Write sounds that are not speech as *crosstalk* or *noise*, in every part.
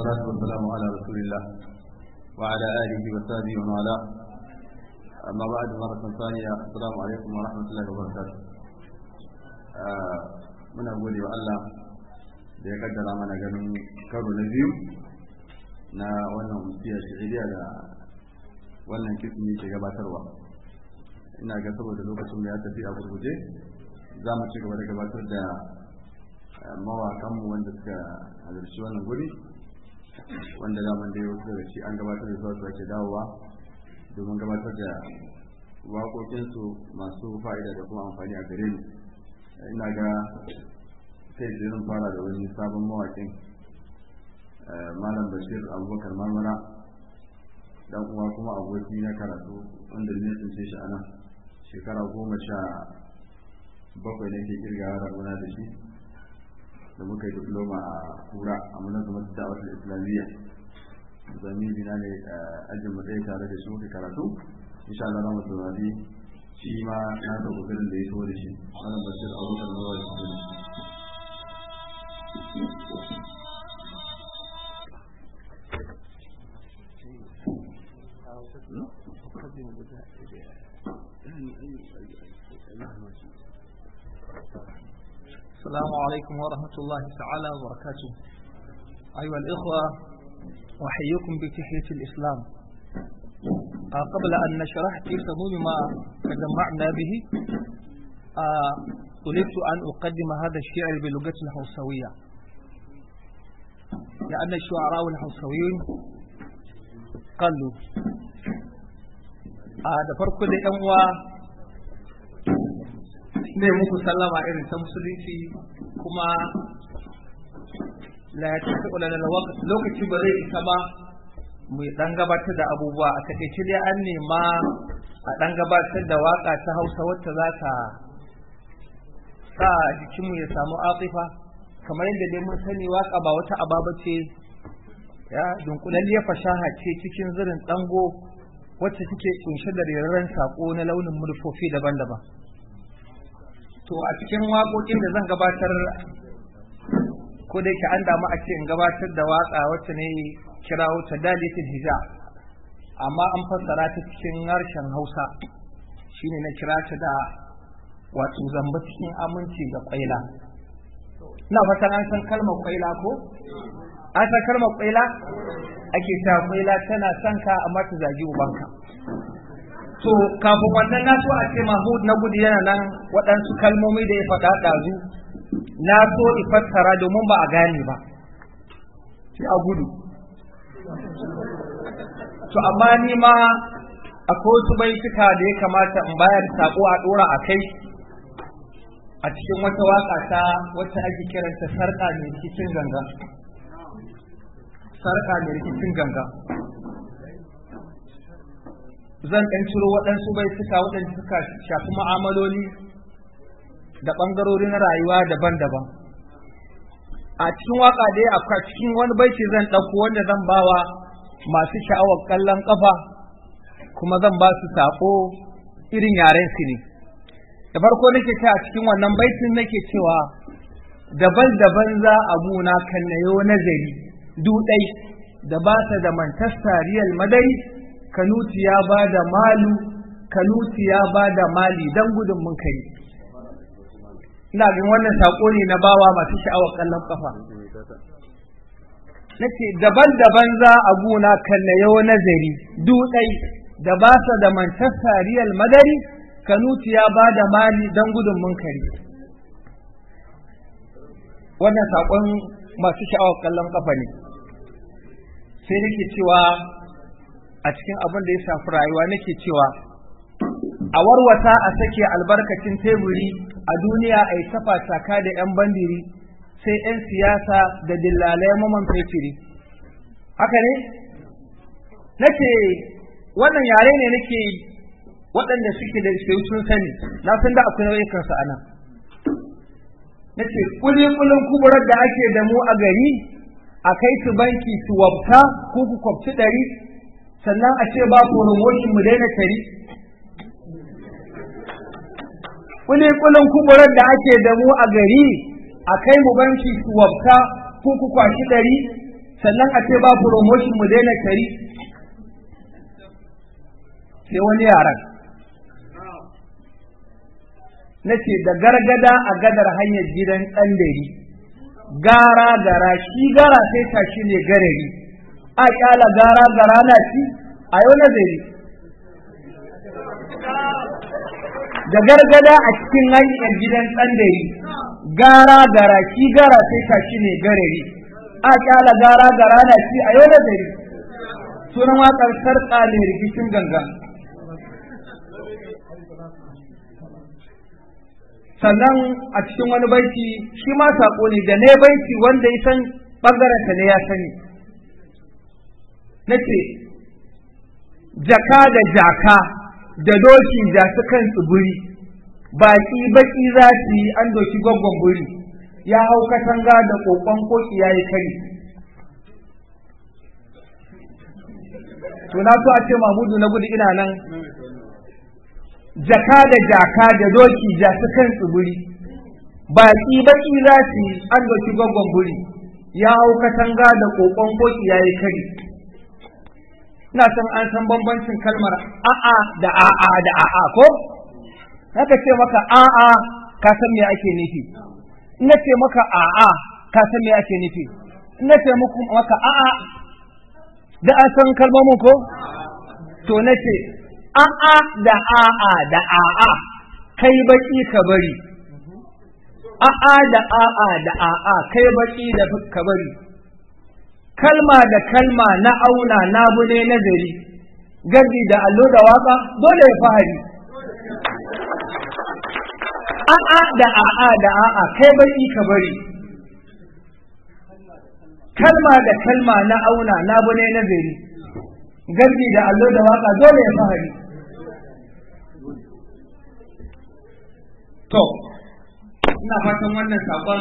والصلاة والسلام على رسول الله وعلى آله وصحبه ومن والاه أما بعد مرة ثانية السلام عليكم ورحمة الله وبركاته من أقول يا الله da ya kaddara mana ganin karo na biyu na wannan musiya shi'iriya da wannan kitin yake gabatarwa ina ga saboda lokacin da ya tafi a gurguje za mu ci gaba da gabatar da mawakanmu wanda suka halarci wannan guri wanda zaman da ya wuce da shi an gabatar da zuwa sake dawowa domin gabatar da waƙoƙinsu masu fa'ida da kuma amfani a gare ni ina ga sai jirin fara da wani sabon mawaƙin eh, malam bashir abubakar marmara dan uwa kuma aboki na karatu wanda ne ce shi a nan shekara goma sha bakwai ne ke kirgawa rabona da shi da muka yi diploma a kura a manazumar da'awar islamiyya zamini na ne ajin mu ɗaya tare da shi muka karatu insha Allah za mu saurari shi ma na ta kokarin da ya so da shi wannan bashir abubakar nawa shi ne Thank you. السلام عليكم ورحمة الله تعالى وبركاته أيها الإخوة أحييكم بتحية الإسلام آه، قبل أن نشرح كيف ما تجمعنا به آه، أريد أن أقدم هذا الشعر بلغة الحوصوية لأن الشعراء الحوصويين قالوا هذا فرق da ne muku sallama irin ta musulunci kuma la ya tafi lokaci ba zai isa ba mu dan gabatar da abubuwa a takaice dai an nema a dan gabatar da waka ta hausa wacce za ta sa jikinmu ya samu atifa kamar yadda dai mun sani waka ba wata ababa ce ya dunkulalliyar fashaha ce cikin zirin dango wacce take kunshe da reren sako na launin murfofi daban-daban to a cikin waƙoƙin da zan gabatar ko da yake an damu a ce in gabatar da waƙa wacce ne kira ta dalilin hija amma an fassara ta cikin harshen hausa shine na kira ta da wato zamba cikin aminci ga kwaila ina fatan an san kalmar kwaila ko an san kalmar kwaila ake ta kwaila tana sanka, amma ta zagi ubanka to kafin wannan na so a ce mahud na gudu yana nan waɗansu kalmomi da ya faɗa ɗazu na so fassara domin ba a gane ba sai a gudu to amma ni ma akwai wasu cika da ya kamata in bayar sako a ɗora a kai a cikin wata waƙa ta wata ake kiranta sarƙa mai rikicin ganga sarƙa mai rikicin ganga zan ɗan ciro waɗansu bai suka waɗanda suka shafi ma'amaloli da ɓangarori na rayuwa daban-daban a cikin waka dai a cikin wani baiti zan ɗauko wanda zan bawa masu sha'awar kallon ƙafa kuma zan ba su saƙo irin yaren su ne da farko nake ce a cikin wannan baitin nake cewa daban-daban za a buna kan nayo nazari dudai da ba ta da mantastariyar madari kanuti ya ba da malu kanuti ya ba da mali don gudun mun kai ina bin wannan saƙo ne na bawa masu sha'awar kallon kafa nake daban-daban za a kalla kallayo nazari dutsai da ba sa da manchester real madari kanuti ya ba da mali don gudun mun kai wannan saƙon masu sha'awar kallon kafa ne sai nake cewa a cikin abin da ya shafi rayuwa nake cewa a warwata a sake albarkacin teburi a duniya a yi tafa taka da 'yan bandiri sai 'yan siyasa da dillalai maman fetiri haka ne nake wannan yare ne nake waɗanda suke da sun sani na san da akwai nau'ikansu a nan nace kulikulin kuburar da ake da mu a gari a kai su banki su wabta ko ku kwabci ɗari sannan a ce ba promotion mu daina tari ku kuburar da ake da mu a gari a kai mu banki su wabta ko ku kwashi ɗari sannan a ce ba promotion mu daina tari sai wani yaran na ce da gargada a gadar hanyar gidan ɗan dari gara gara shi gara sai tashi ne garari a kyala gara gara na shi a yau na zai da gargada a cikin hanyar gidan tsandari gara gara shi gara sai ka shi ne garari a kyala gara gara na shi a yau na zai sunan waƙar sarƙa ne rikicin gangan sannan a cikin wani banki shi ma saƙo ne da ne banki wanda ya san ɓangaren ne ya sani na ce jaka da jaka da doki da su kan tsibiri baki baki za su yi an doki gwaggon guri ya hau katanga da kokon koki ya yi kari to na so a ce mamudu na gudu ina nan jaka da jaka da doki da su kan tsibiri baki baki za su yi an doki gwaggon guri ya hau katanga da kokon koki ya yi kari ina san an san bambancin kalmar a'a da a'a da a'a ko haka ce maka a'a ka san me ake nufi ina ce maka a'a ka san me ake nufi ina ce muku maka a'a da an san kalmar mu ko to na ce a'a da a'a da a'a kai baki ka bari a'a da a'a da a'a kai baki da ka bari kalma da kalma na auna na bune nazari gardi da allo da waka dole ya fahari a'a da a'a da a'a kai bari ka bari kalma da kalma na auna na bune nazari gardi da allo da waka dole ya fahari to ina fatan wannan sabon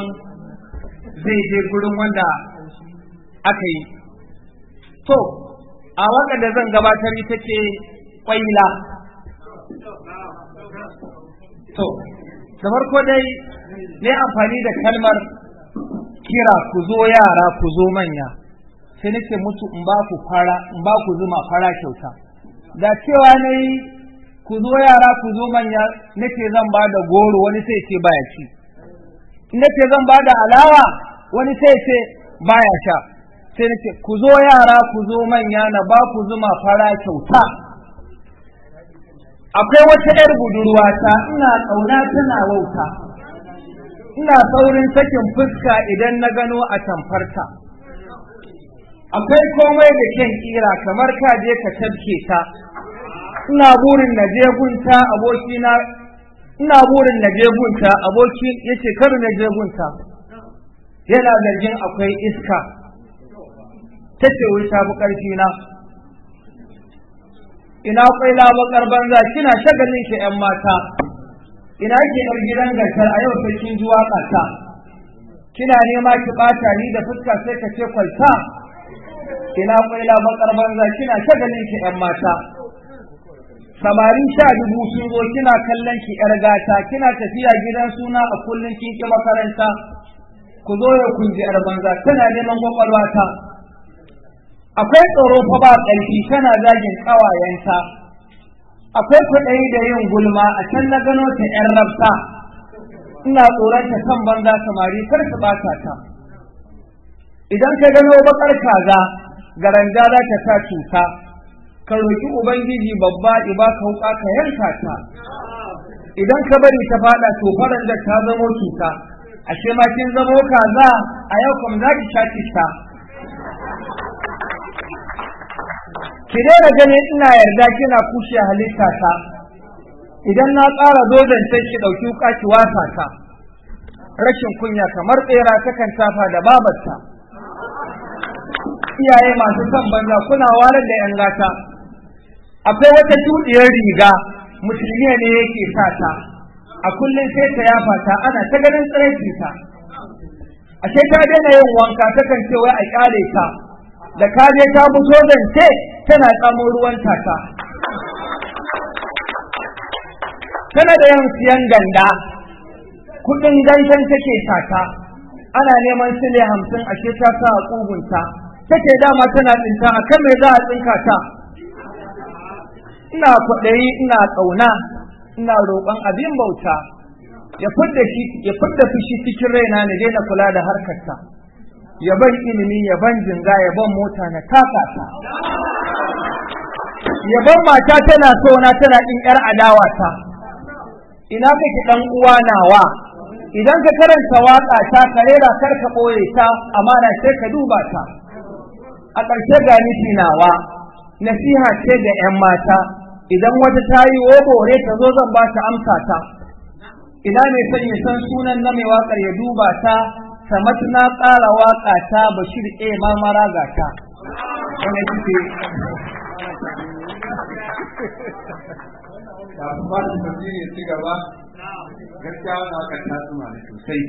zai je gurin wanda aka yi to a waka da zan gabatar ita ce kwaila to da farko dai ne amfani da kalmar kira ku zo yara ku zo manya sai nake mutu in ba ku fara in ba ku zuma fara kyauta da cewa ne ku zo yara ku zo manya nake zan ba da goro wani sai ce baya ci nake zan ba da alawa wani sai ce baya sha sai na ku zo yara ku zo manya na ba ku zuma fara kyauta akwai wata 'yar budurwa ta ina ƙauna tana wauta ina saurin sakin fuska idan na gano a tamfarta akwai komai da kyan kira kamar ka je ka tafke ta ina burin na je gunta na ina burin na je gunta aboki yace kar na je gunta yana zargin akwai iska ta ce wai ta fi ƙarfi na ina kwai labakar banza kina shagalin ki yan mata ina ki yar gidan gasar a yau ji zuwa ta. kina nema ki ɓata ni da fuska sai ka ce kwalta ina kwai labakar banza kina shagalin ki yan mata samari sha dubu sun zo kina kallon ki yar gata kina tafiya gidan suna a kullum kin ki makaranta ku zo ya kunji yar banza tana neman kwakwalwa ta akwai tsoro fa ba ƙarfi tana zagin ƙawayenta akwai kuɗai da yin gulma a can na gano ta ‘yan rabta ina tsoron ta kan banza samari kar su ɓata ta idan ka gano baƙar kaza garanja za ta sa cuta ka roƙi ubangiji babba ba ka wuƙa ka yanka ta idan ka bari ta faɗa to faran ta zamo cuta ashe ma kin zamo kaza a yau kam za sha ta ki daina ganin ina yarda kina kushe halitta ta idan na tsara dozan sai ki ɗauki wuka ki wasa ta rashin kunya kamar tsera takan tafa da babarta iyaye masu son banza kuna warar da yan gata akwai wata tudiyar riga musulmi ne yake sa ta a kullum sai ta yafa ta ana ta ganin tsiraici ta ashe ta daina yin wanka takan ce wai a kyale ta da ka je ka fito zance tana tsamo ruwan taka tana da yawan siyan ganda kudin gangan take taka ana neman sile hamsin a ke ta a ƙugunta take dama tana tsinta a kan me za a tsinka ta ina kwaɗayi ina ƙauna ina roƙon abin bauta ya fudda fushi cikin raina na daina kula da harkarta ya ban ilimi ya ban jinga ya ban mota na taka ta ya ban mata tana so na tana ɗin yar adawa ta ina kake dan uwa nawa idan ka karanta waƙa ta ka rera kar ka ɓoye ta amana sai ka duba ta a ƙarshe ga nufi nawa nasiha ce da 'yan mata idan wata ta yi wobore ta zo zan ba ta amsa ta ina mai son ya san sunan na mai waƙar ya duba ta samat na ƙara waka ta bashir e marmara ga ta wani kike kafin ba su tafi ya ci gaba gaskiya wani hakan ta tsuma da sosai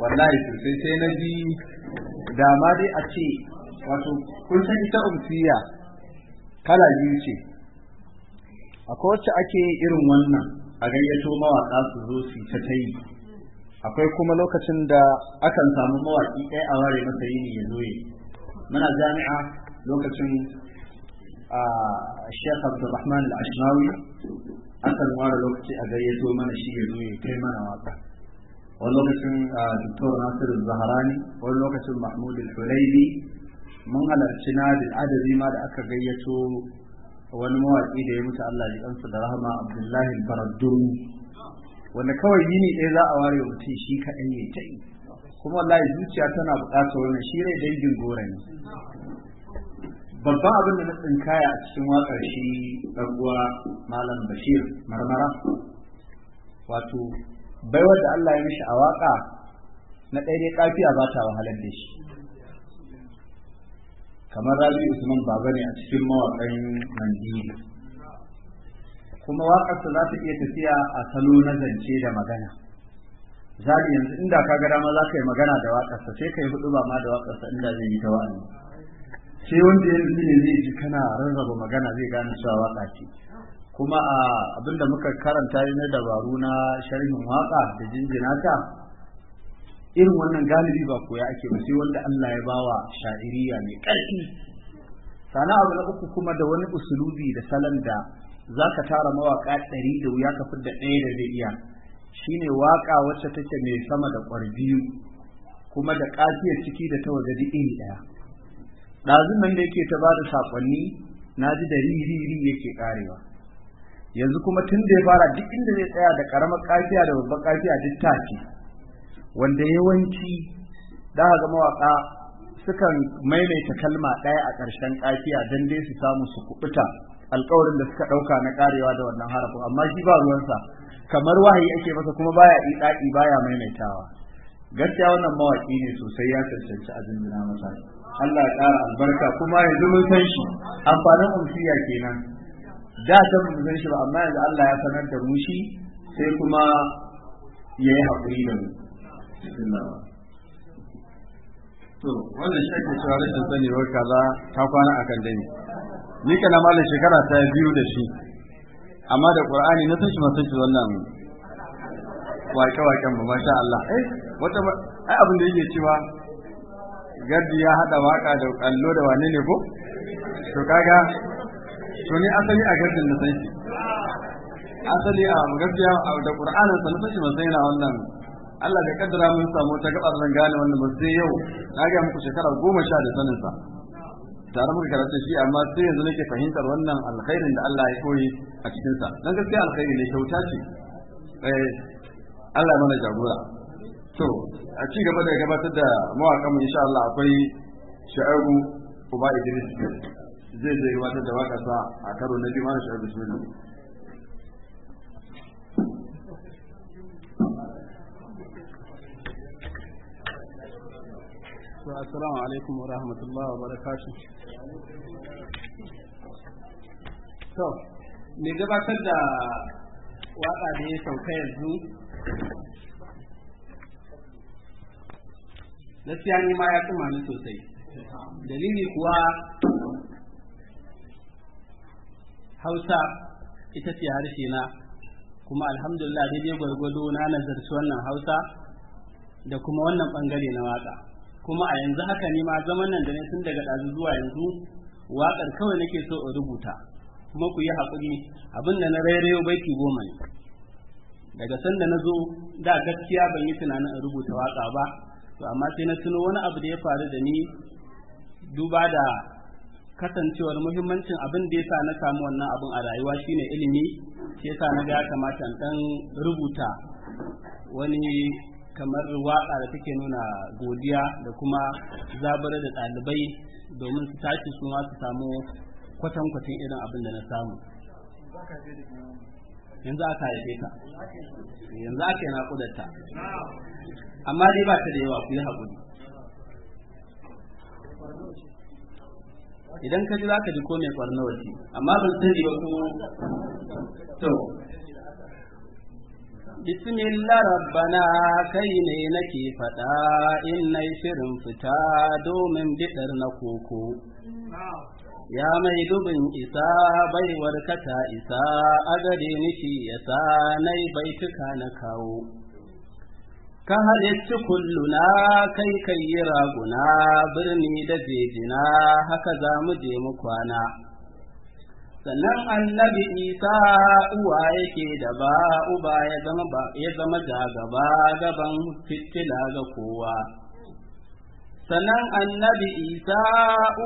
wallahi sosai sai na ji dama dai a ce wato kun san ita umfiya kala biyu ce akwai wacce ake irin wannan a gayyato mawaƙa su zo su ta ta yi akwai kuma lokacin da akan samu mawaki ɗaya a ware masa yini ya zo muna jami'a lokacin a Sheikh Abdulrahman Al-Ashmawi akan ware lokaci a gayyato mana shi ya zo ya kai mana waka wani lokacin Dr. Nasir Zaharani wani lokacin Mahmud Al-Hulaibi mun halarci na adadi ma da aka gayyato wani mawaki da ya mutu Allah ya kansa da rahama Abdullahi Baradun wanda kawai yini ɗaya za a ware mutum shi kaɗai ya ta yi kuma wallahi zuciya tana buƙatar wannan shi rai dangin gora ne babban abin da na tsinkaya a cikin waƙar shi ɗanguwa malam bashir marmara wato baiwar da Allah ya mishi a waƙa na ɗaya kafiya ba ta wahalar da shi kamar rabi usman baba ne a cikin mawaƙan nigeria kuma waƙarsa za ta iya tafiya a salo na zance da magana zali yanzu inda ka ga dama za ka yi magana da waƙarsa sai ka yi hudu ba ma da waƙarsa inda zai yi ta wa'ani sai wanda ya yi ne zai ji kana rarraba magana zai gane cewa waƙa ce kuma a abinda muka karanta yi na dabaru na sharhin waƙa da jinjina ta irin wannan galibi ba koya ake ba sai wanda Allah ya bawa sha'iriya mai ƙarfi sana abu na uku kuma da wani usulubi da salon da za ka tara mawaƙa ɗari da wuya ka da ɗaya da zai iya ne waƙa wacce take mai sama da ƙwar kuma da ƙafiyar ciki da ta waje iri ɗaya ɗazun nan da yake ta ba da saƙonni na ji da riri yake ƙarewa yanzu kuma tun da ya fara duk inda zai tsaya da ƙaramar ƙafiya da babbar ƙafiya duk take wanda yawanci da ga mawaƙa sukan maimaita kalma ɗaya a ƙarshen ƙafiya don dai su samu su kuɓuta alƙawarin da suka ɗauka na ƙarewa da wannan harafin amma shi ba ruwansa kamar wahayi ake masa kuma baya iɗaɗi baya maimaitawa gaskiya wannan mawaƙi ne sosai ya cancanci da na masa Allah ya ƙara albarka kuma ya mun san shi amfanin umsiya kenan da ta mun san shi ba amma yanzu Allah ya sanar da mu sai kuma yayi haƙuri da mu to wannan shi ake cewa rashin sanewar kaza ta kwana a kan dani ni kana ma shekara ta biyu da shi amma da qur'ani na san shi ma shi wannan waƙe waken ba masha Allah eh wata ai abin da yake cewa gaddi ya hada waka da kallo da wane ne ko to kaga to ni asali a gaddin na san shi asali a gaskiya da qur'anin na san shi ma yana na wannan Allah bai kaddara mun samu ta gaba zan gane wannan ba sai yau na ga muku shekara goma sha da sanin sa tare muka karatu shi amma sai yanzu nake fahimtar wannan alkhairin da Allah ya koyi a cikin sa dan gaskiya alkhairi ne kyauta ce eh Allah mana jagora to a ci gaba da gabatar da mawaƙa mu insha Allah akwai sha'aru Uba Idris zai zai gabatar da sa a karo na biyu mana bismillah Assalamu alaikum wa rahmatullahi wa barakatuh. To, me gabatar da waka da ya sauka yanzu gaskiya ni ma ya kuma sosai dalili kuwa hausa ita ce harshe na kuma alhamdulillah daidai gwargwado na nazarci wannan hausa da kuma wannan bangare na waka kuma a yanzu haka ne ma zaman nan da ne tun daga ɗazu zuwa yanzu waƙar kawai nake so in rubuta kuma ku yi haƙuri abin da na rairayo baiti goma ne daga sanda na zo da gaskiya ban yi tunanin in rubuta waƙa ba to amma sai na tuno wani abu da ya faru da ni duba da kasancewar muhimmancin abin da ya sa na samu wannan abin a rayuwa shine ilimi shi yasa na ga kamata in dan rubuta wani kamar waƙa da take nuna godiya da kuma zabar da ɗalibai domin su tashi su ma su samu kwatankwacin irin abin da na samu yanzu aka haife ta yanzu aka yi ta amma dai ba ta da yawa ku yi haƙuri idan ka ji za ka ji ko mai kwarnawa amma ban sani ba ku to bismillah rabbana kai ne nake faɗa in nai shirin fita domin biɗar na koko ya mai dubin isa baiwar kata isa agare nishi yasa nai baituka na kawo ka halittu kulluna kai kai yi raguna birni da jejina haka za mu je mu kwana sannan annabi isa uwa yake da ba uba ya zama ba ya zama da gaba gaban fitila ga kowa sannan annabi isa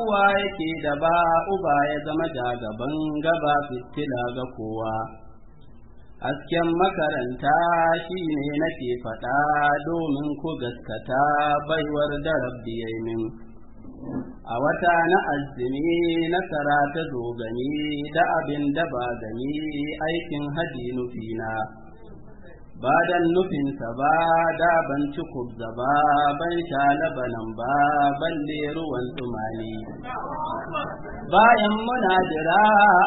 uwa yake da ba uba ya zama da gaban gaba fitila ga kowa hasken makaranta shi ne nake faɗa domin ku gaskata baiwar da rabbi min. a wata na azumi na tara ta dogani da abin da ba gani aikin haji nufina ba dan nufinsa ba da ban ci kubza ba ban sha labanan ba balle ruwan tsumani bayan muna jira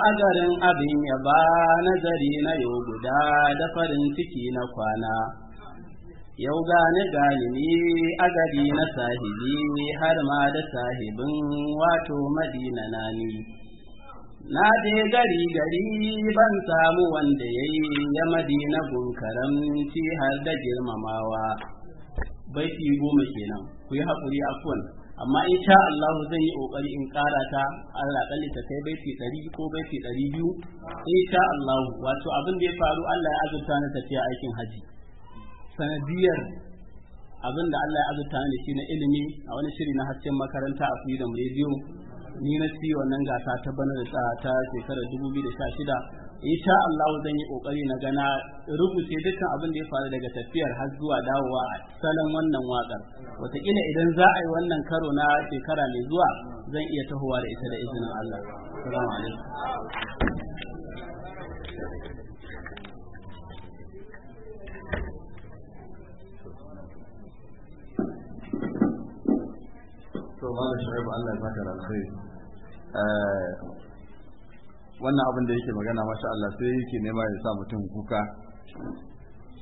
a garin abin ya ba nazari na yau guda da farin ciki na kwana yau gane galibi agari na sahibi har ma da sahibin wato madina na ni na je gari gari ban samu wanda ya yi ya madina gunkaramci har da girmamawa baiti goma kenan ku yi haƙuri afuwan amma in Allah zan yi ƙoƙari in ƙara ta Allah kalli ta kai baiti ɗari ko baiti ɗari biyu in Allah wato abin da ya faru Allah ya azurta na tafiya aikin haji sanadiyar abin da Allah ya azurta ni shi na ilimi a wani shiri na hasken makaranta a Freedom Radio ni na ci wannan gasa ta bana da ta shekarar 2016 insha Allah zan yi kokari na gana rubuce dukkan abin da ya faru daga tafiyar har zuwa dawowa a salon wannan wakar wataƙila idan za a yi wannan karo na shekara mai zuwa zan iya tahowa da ita da izinin Allah assalamu alaikum malam shu'aib Allah ya saka da alkhairi eh, wannan abin da yake magana masha Allah sai yake nema ya sa mutum kuka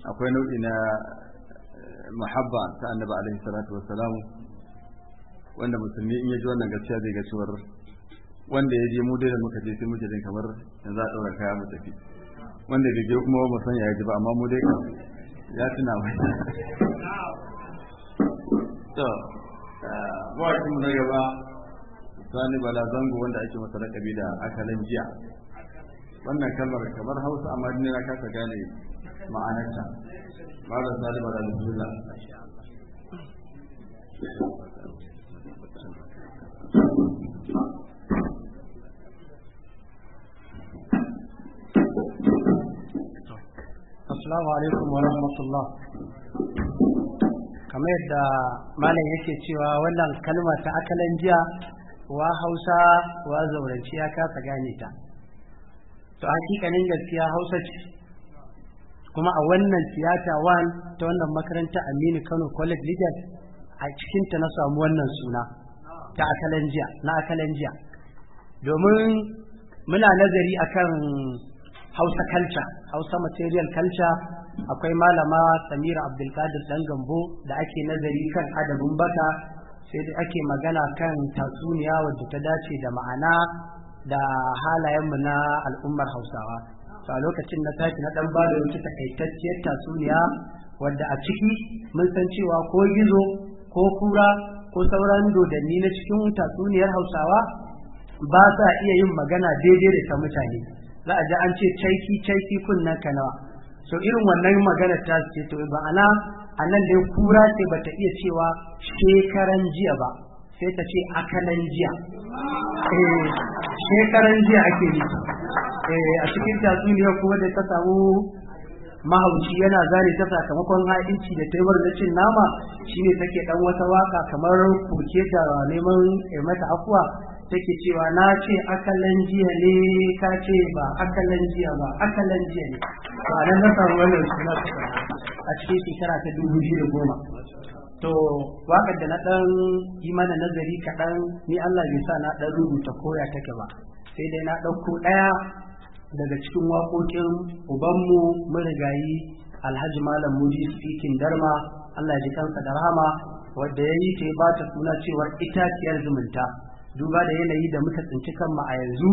akwai nau'i na eh, muhabba ta annabi alaihi salatu wassalam wanda musulmi in yaji wannan gaskiya zai ga cewar wanda ya je mu dai da muka je sai muke jin kamar za a ɗaura kaya mu tafi wanda bai je kuma ba san ya yaji ba amma mu dai ya tuna mai *laughs* to eh, mawakin mu na gaba sani bala zango wanda ake masa lakabi da akalan jiya wannan kalmar kamar hausa amma ni na kasa gane ma'anarta malam sani bala bismillah Assalamu alaikum wa rahmatullah kamar yadda malam yake cewa wannan kalma ta akalan jiya wa hausa wa zauranci ya kasa gane ta to hakikanin gaskiya hausa ce kuma a wannan tiyata wan ta wannan makaranta aminu kano college leaders a cikinta na samu wannan suna ta akalan jiya na akalan jiya domin muna nazari akan hausa culture hausa material culture akwai malama samira abdulkadir dan gambo da ake nazari kan adabin baka sai da ake magana kan tatsuniya wadda ta dace da ma'ana da halayenmu na al'ummar hausawa to a lokacin na tashi na dan ba da wata takaitacciyar tatsuniya wadda a ciki mun san cewa ko gizo ko kura ko sauran dodanni na cikin tatsuniyar hausawa ba sa iya yin magana daidai da ta mutane za a ji an ce caiki caiki kunna ka to irin wannan magana ta ce to ba ala a nan dai kura ce ba ta iya cewa shekaran jiya ba sai ta ce akalan jiya eh, shekaran jiya ake yi eh a cikin tatsuniyar kuma da ta samu mahauci yana zane ta sakamakon ha'inci da taimar da cin nama shine take ɗan wata waka kamar koke ta neman eh, mata afuwa take cewa na ce akalan jiya ne ka ce ba akalan jiya ba akalan jiya ne ba nan na samu wannan suna a cikin shekara ta dubu biyu da goma to waƙar da na ɗan yi mana nazari kaɗan ni Allah bai sa na ɗan rubuta koya take ba sai dai na ɗauko ɗaya daga cikin wakokin ubanmu marigayi alhaji malam mudi speaking darma Allah ya ji kansa da rahama wadda ya yi ta ba ta suna cewar itaciyar zumunta duba da yanayi da muka tsinci kanmu a yanzu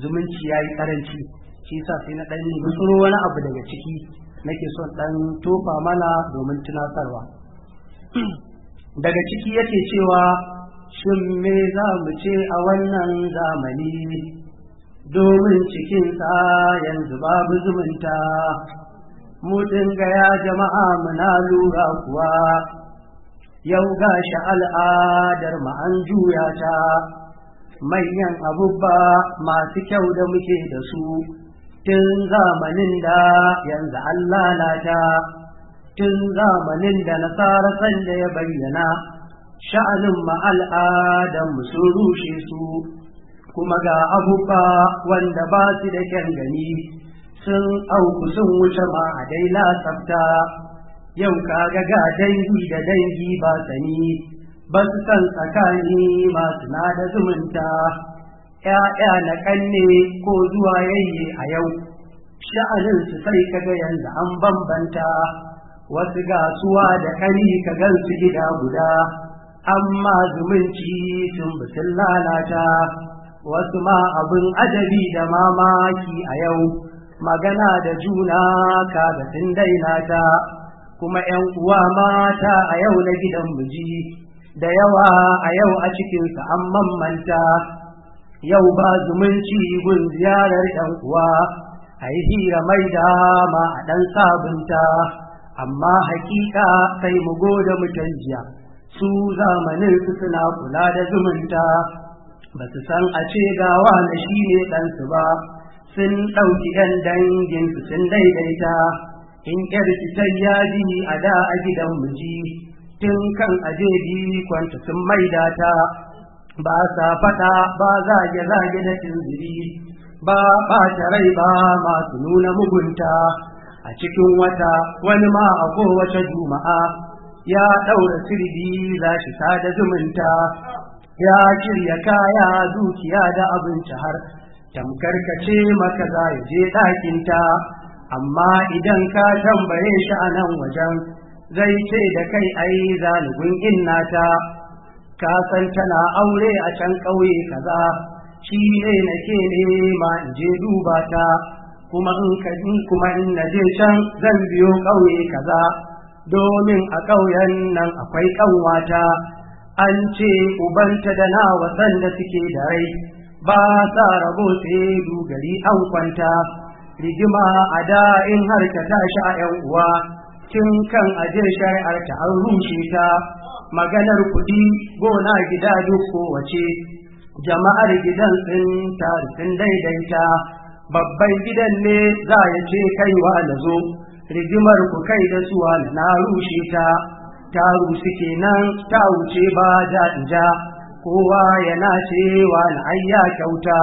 zumunci ya yi karanci shi sa sai na ɗan gutsuro wani abu daga ciki nake son ɗan tofa mana domin tunasarwa daga ciki yake cewa shin me za mu ce a wannan zamani domin cikinsa yanzu babu zumunta mu dinga ya jama'a muna lura kuwa yau gashi al'adar ma'an juya ta manyan abubba masu kyau da muke da su tun zamanin da yanzu an lalata tun zamanin da na nasara sanda ya bayyana sha'anin mu sun rushe su kuma ga abubba wanda ba su da kyan gani sun auku sun wuce ma a dai lasafta yau kaga ga dangi da dangi ba sani ba su san tsakani masu na da zumunta ‘ya'ya na kanne ko zuwa yayye a yau sha'anin su sai kaga yanzu an bambanta wasu gasuwa da kari ka su gida guda amma zumunci sun sun lalata wasu ma abin ajabi da mamaki a yau magana da juna kaga sun daina ta kuma ‘yan uwa mata a yau na gidan miji da yawa a yau a cikinsa an mammanta yau ba zumunci gun ziyarar ‘yan uwa a yi hira mai dama a ɗan sabunta amma hakika kai mu gode goda jiya, su zamanin su suna kula da zumunta ba su san a ce gawa na shi ne ɗansu ba sun ɗauki ‘yan danginsu sun daidaita in yarki ta yaji a da a gidan miji tun kan aje biyu kwanta sun maida ta ba sa fada ba zage zage da tunziri ba ba rai ba masu nuna mugunta a cikin wata wani ma a wata juma'a ya ɗaura sirbi za shi sada zumunta ya shirya kaya dukiya da abinci har Tamkar tamkarkace maka za je ɗakinta. amma idan ka tambaye shi a nan wajen zai ce da kai ai zalibin innata ka san tana aure a can ƙauye kaza shi ne nake nema in je duba ta kuma in ka kuma in na je can zan biyo ƙauye kaza domin a ƙauyen nan akwai ƙanwata an ce ubanta da nawa sanda da suke da rai ba sa rabo sai dugari an kwanta rigima a da'in har ta tashi a ‘yan uwa Kin kan aje shari'ar ta an rushe ta maganar kuɗi gona gida duk kowace jama'ar gidan sun taru sun daidaita babban gidan ne za ya ce kaiwa na zo rigimar ku kai da suwa na rushe ta taru suke nan ta wuce ba da ja kowa yana cewa na ayya kyauta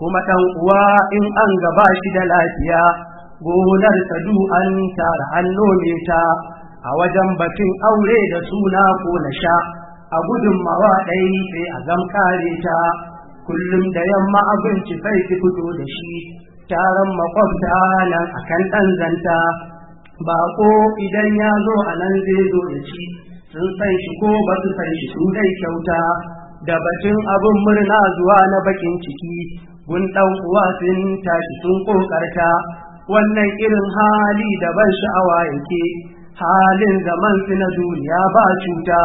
kuma ɗan uwa in an gaba shi da lafiya gonar ta du an tara ne ta a wajen batun aure da suna ko na sha a gudun mawa ɗai sai a zan kare ta kullum da yamma abinci sai fi fito da shi taron makwabta nan akan ɗan zanta ko idan ya zo a nan zai zo da shi sun san shi ko ba su san shi su dai kyauta da batun abin murna zuwa na bakin ciki kun ɗan uwa sun tashi sun ƙoƙarta wannan irin hali da ban sha'awa yake halin zaman su na duniya ba cuta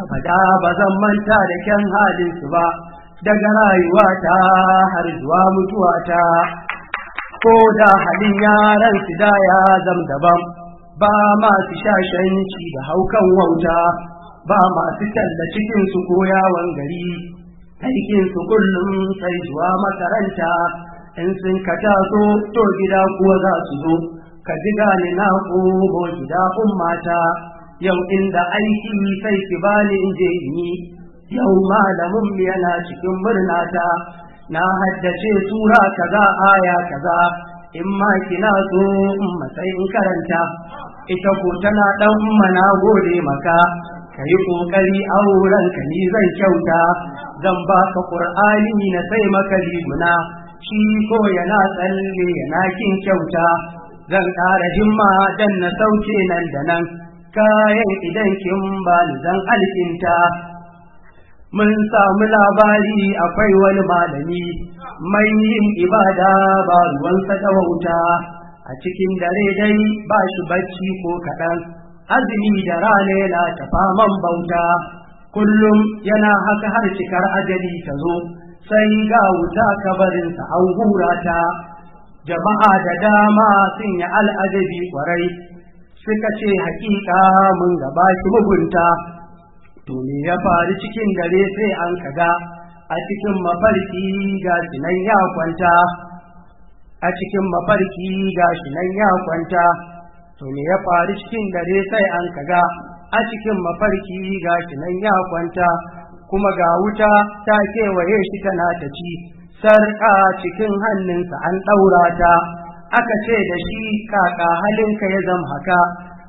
abada ba zan manta da kyan halin su ba daga rayuwa ta har zuwa mutuwa ta ko da halin yaran su da ya zam daban ba masu shashanci da haukan wauta ba masu talla cikin su ko yawon gari aikin su kullum sai zuwa makaranta in sun ka taso to gida kuwa za su zo ka ji gane na ku bo gida kun mata yau inda aiki sai ki bani in je yi yau malamin yana cikin murnata. na haddace sura kaza aya kaza in ma kina so in matsayin in karanta ita ko tana dan mana gode maka kayi kokari auren ka ni zan kyauta zan ba ka ƙur'ani na sai maka riguna shi ko yana tsalle yana kin kyauta zan ƙara himma dan na sauke nan da nan kayan idan kin ba ni zan alkinta mun samu labari akwai wani malami mai yin ibada ba ruwansa da wauta a cikin dare dai ba shi bacci ko kaɗan azumi da rana yana ta faman bauta kullum yana haka har cikar ajali ta zo sai ga wuta kabarin an hura ta jama'a da dama sun yi al'ajabi kwarai suka ce hakika mun gaba shi mugunta to me ya faru cikin gare sai an kaga a cikin mafarki ga nan ya kwanta a cikin mafarki ga nan ya kwanta to me ya faru cikin gare sai an kaga a cikin mafarki ga nan ya kwanta kuma ga wuta ta kewaye shi tana ta ci sarƙa cikin hannunsa an ɗaura ta aka ce da shi kaka halinka ya zama haka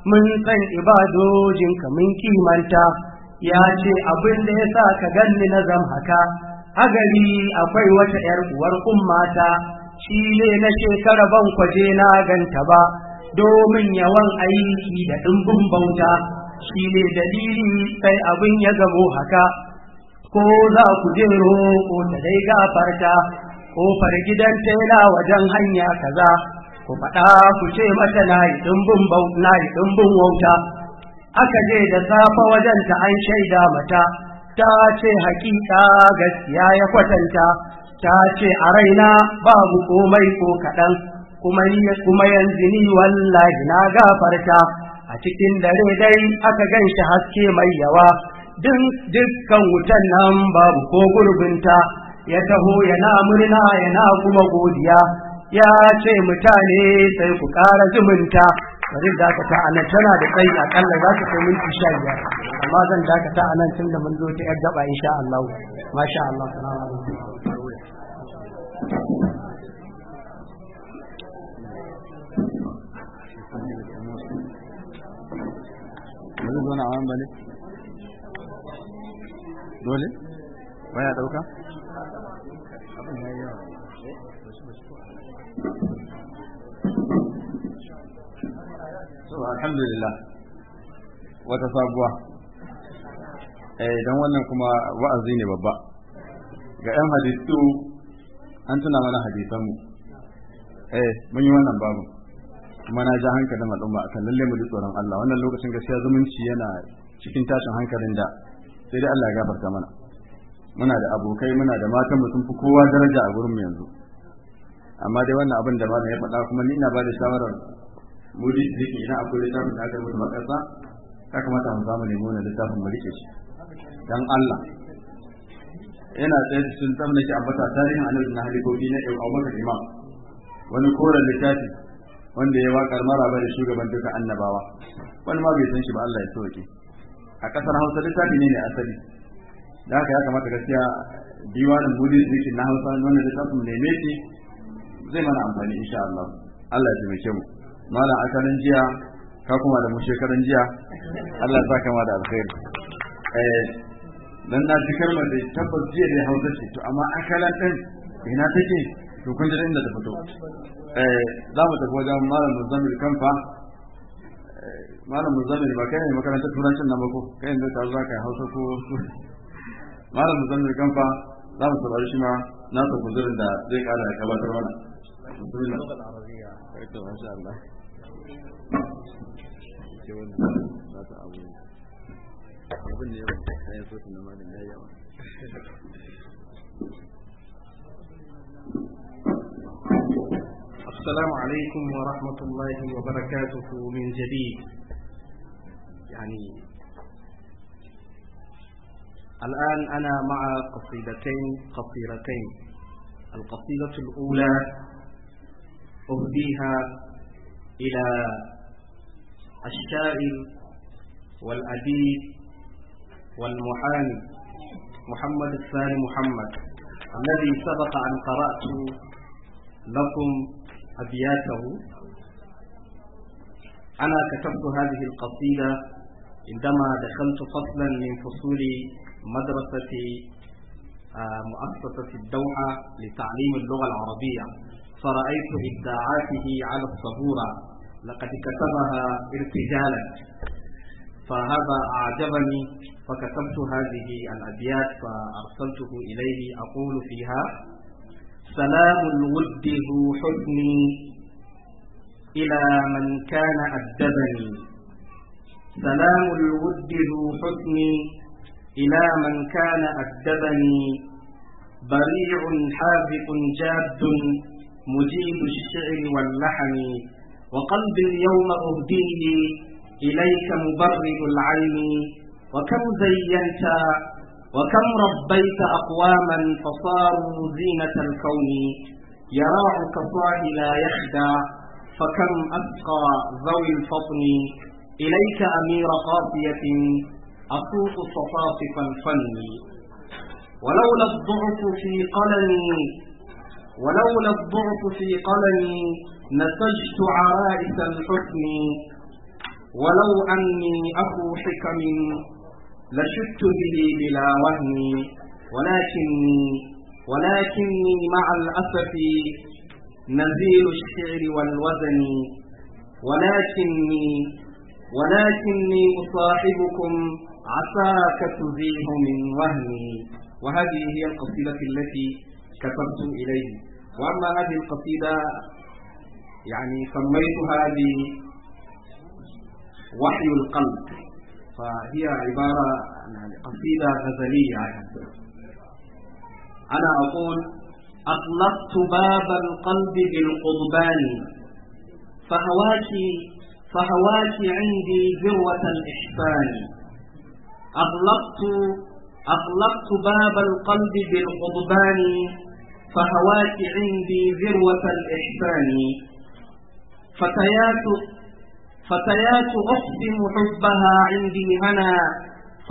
mun san ibadojinka mun kimanta ya ce abin da ya sa ka ganni na zamhaka. haka a gari akwai wata 'yar uwar ummata shi ne na shekara ban kwaje na ganta ba domin yawan aiki da ɗumbin bauta shi ne dalili sai abin ya gamo haka ko za ku je ko ta dai gafarta ko gidan tela wajen hanya kaza ku faɗa ku ce mata na yi ɗumbin wauta aka je da safa wajen ta an shaida mata ta ce hakika gaskiya ya kwatanta ta ce a raina babu komai ko kaɗan kuma yanzu ni wallahi na gafarta a cikin dare dai aka gan shi haske mai yawa dukkan wutan nan babu ko gurbinta ya taho yana murna yana kuma godiya ya ce mutane sai ku ƙara zumunta bari dakata a nan tana da tsayi akalla za ta kai minti sha biyar amma zan dakata a nan tun da mun zo ta yar gaba insha Allah masha Allah a alhamdulillah wata sabuwa eh dan wannan kuma wa'azi ne babba ga yan hadisu an tuna mana hadisanmu eh mun yi wannan babu kuma na ja hankalin al'umma akan lalle mu ji tsoron Allah wannan lokacin gaskiya zumunci yana cikin tashin hankalin da sai dai Allah ya gafarta mana muna da abokai muna da matan mutum sun fi kowa daraja a gurin mu yanzu amma dai wannan abin da ma ya faɗa kuma ni ina ba da shawarar mu ji ziki ina akwai littafin da aka rubuta makasa ya kamata mu samu nemo na littafin mu rike shi dan Allah yana tsaye sun tamna ki ambata tarihin annabi na halibobi na Abu Bakar Imam wani koren littafi wanda ya waƙar ba da shugaban duka annabawa wani ma bai san shi ba Allah ya sauke a ƙasar Hausa tafi ne ne asali da haka ya kamata gaskiya diwanin budin zikin na Hausa da tafi ne ne shi zai mana amfani insha Allah Allah ya taimake mu mala akaran jiya ka kuma da mu shekaran jiya Allah ya saka ma da alkhairi eh dan na ji ma da tabbas jiya da Hausa ce to amma akalan din ina take to kun da inda ta fito Eh, za mu tafi wajen malam muzammil kanfa eh, malam muzammil ba kai ne makarantar turancin nan ba ko kai yanzu ka za ka hausa ko malam muzammil kanfa za mu tafi shi ma na ta kuzurin da zai kara da gabatar mana abin da السلام عليكم ورحمة الله وبركاته من جديد يعني الآن أنا مع قصيدتين قصيرتين القصيدة الأولى أهديها إلى الشاعر والأديب والمحامي محمد الثاني محمد الذي سبق أن قرأت لكم أبياته أنا كتبت هذه القصيدة عندما دخلت فصلا من فصول مدرسة آه، مؤسسة الدوحة لتعليم اللغة العربية فرأيت إبداعاته على الصبورة لقد كتبها ارتجالا فهذا أعجبني فكتبت هذه الأبيات فأرسلته إليه أقول فيها سلام الود ذو حزن إلى من كان أدبني سلام الود ذو حزن إلى من كان أدبني بريع حافظ جاد مجيب الشعر واللحن وقلب اليوم أهديه إليك مبرئ العين وكم زينت وكم ربيت أقواما فصاروا زينة الكون يراعك صاع لا يخدع فكم أسقى ذوي الفطن إليك أمير قافية أصوص صفاصف الفن ولولا الضعف في قلمي ولولا الضعف في قلمي نسجت عرائس الحكم ولو أني أخو حكم لشدت به بلا وهن ولكني ولكني مع الأسف نزيل الشعر والوزن ولكني ولكني أصاحبكم عساك تزيه من وهني وهذه هي القصيدة التي كتبت إليه وأما هذه القصيدة يعني سميتها بوحي القلب فهي عبارة عن يعني قصيدة غزلية أنا أقول أطلقت باب القلب بالقضبان فهواك فهواك عندي ذروة الإحسان أطلقت أطلقت باب القلب بالقضبان فهواك عندي ذروة الإحسان فتيات فتيات أقسم حبها عندي هنا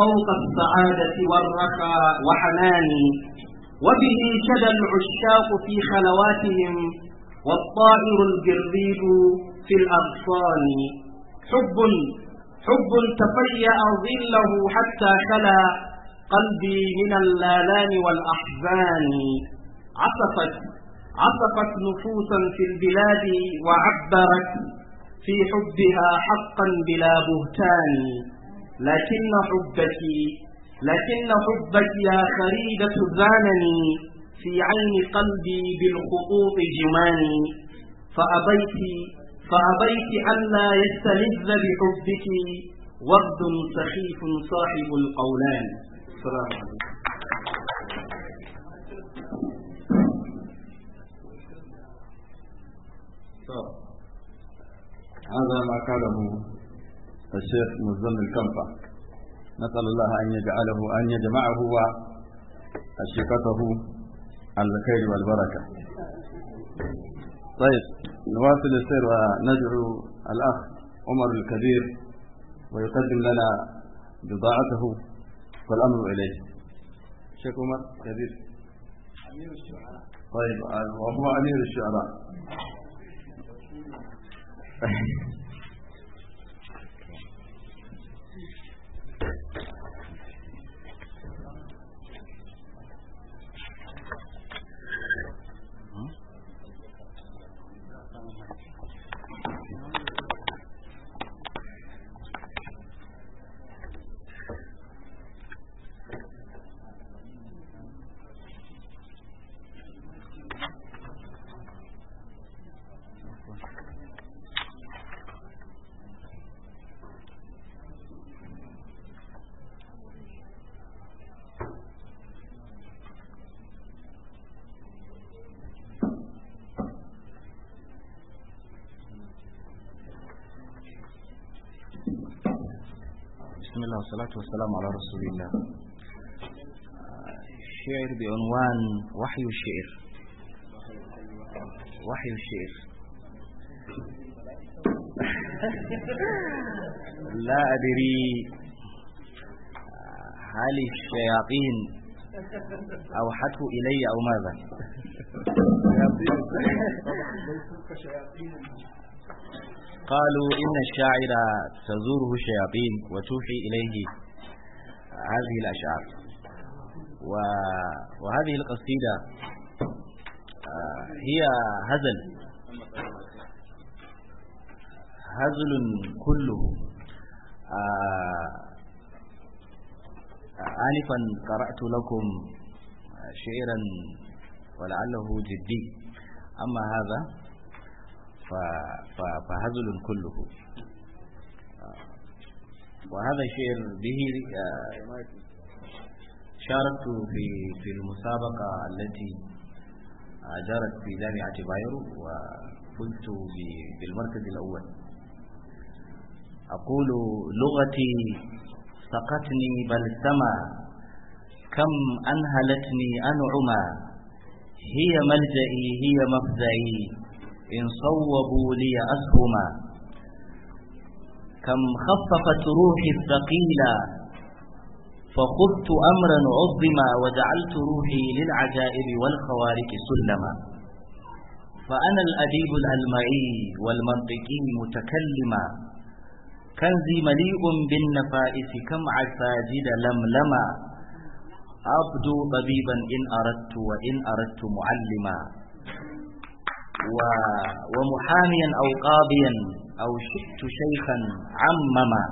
فوق السعادة والرخاء وحناني وبه شدى العشاق في خلواتهم والطائر الجريب في الأغصان حب حب تفيأ ظله حتى خلا قلبي من اللالان والأحزان عصفت عصفت نفوسا في البلاد وعبرت في حبها حقا بلا بهتان لكن حبك لكن حبك يا خريدة زانني في عين قلبي بالخطوط جماني فأبيت فأبيت ألا يستلذ بحبك ورد سخيف صاحب القولان السلام عليكم Oh. هذا ما قاله الشيخ مزن الكنفة نسأل الله أن يجعله أن يجمعه وأشيقته على الخير والبركة طيب نواصل السير وندعو الأخ عمر الكبير ويقدم لنا بضاعته والأمر إليه شيخ عمر كبير أمير الشعراء طيب وهو أمير الشعراء Right *laughs* بسم الله والصلاة والسلام على رسول الله شعر بعنوان وحي الشعر وحي الشعر لا أدري هل الشياطين أوحته إلي أو ماذا قالوا إن الشاعر تزوره الشياطين وتوحي إليه هذه الأشعار وهذه القصيدة آه، هي هزل هزل كله آه، آنفا قرأت لكم شعرا ولعله جدي أما هذا فهزل كله آه، وهذا الشيء به آه، شاركت في في المسابقة التي آه، جرت في جامعة بايرو وفزت بالمركز الأول أقول لغتي سقتني بل سما كم أنهلتني أنعما هي ملجئي هي مفزعي إن صوبوا لي أسهما كم خففت روحي الثقيلة فقدت أمرا عظما وجعلت روحي للعجائب والخوارق سلما فأنا الأديب الألمعي والمنطقي متكلما كنزي مليء بالنفائس كم عساجد لملما أبدو طبيبا إن أردت وإن أردت معلما ومحاميا أو قاضيا أو شئت شيخا عمما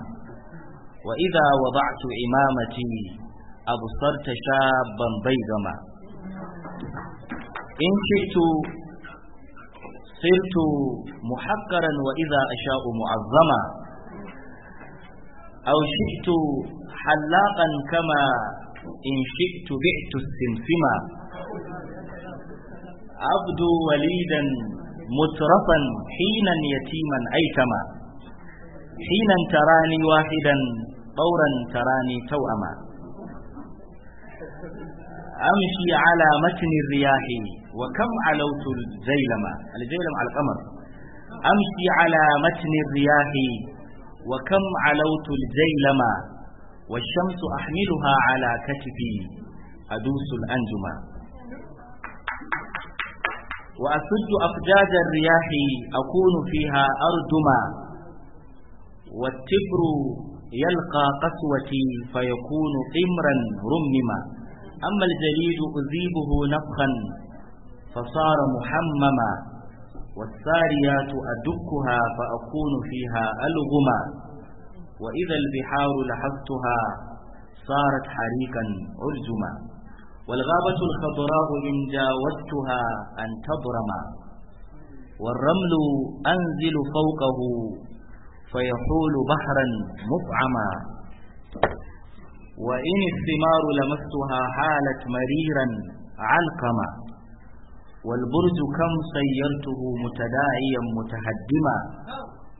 وإذا وضعت إمامتي أبصرت شابا بيضما إن شئت صرت محقرا وإذا أشاء معظما أو شئت حلاقا كما إن شئت بعت السمسما عبد وليدا مترفا حينا يتيما أيتما حينا تراني واحدا طورا تراني توأما أمشي على متن الرياح وكم علوت الجيلما الجيلم على القمر أمشي على متن الرياح وكم علوت الجيلما والشمس أحملها على كتفي أدوس الأنجما وأسد أفجاج الرياح أكون فيها أرجما والتبر يلقى قسوتي فيكون قمرا رمما أما الجليد أذيبه نفخا فصار محمما والساريات أدكها فأكون فيها ألغما وإذا البحار لحظتها صارت حريقا أرجما والغابة الخضراء إن جاوزتها أن تبرم والرمل أنزل فوقه فيحول بحرا مفعما وإن الثمار لمستها حالت مريرا علقما والبرج كم سيرته متداعيا متهدما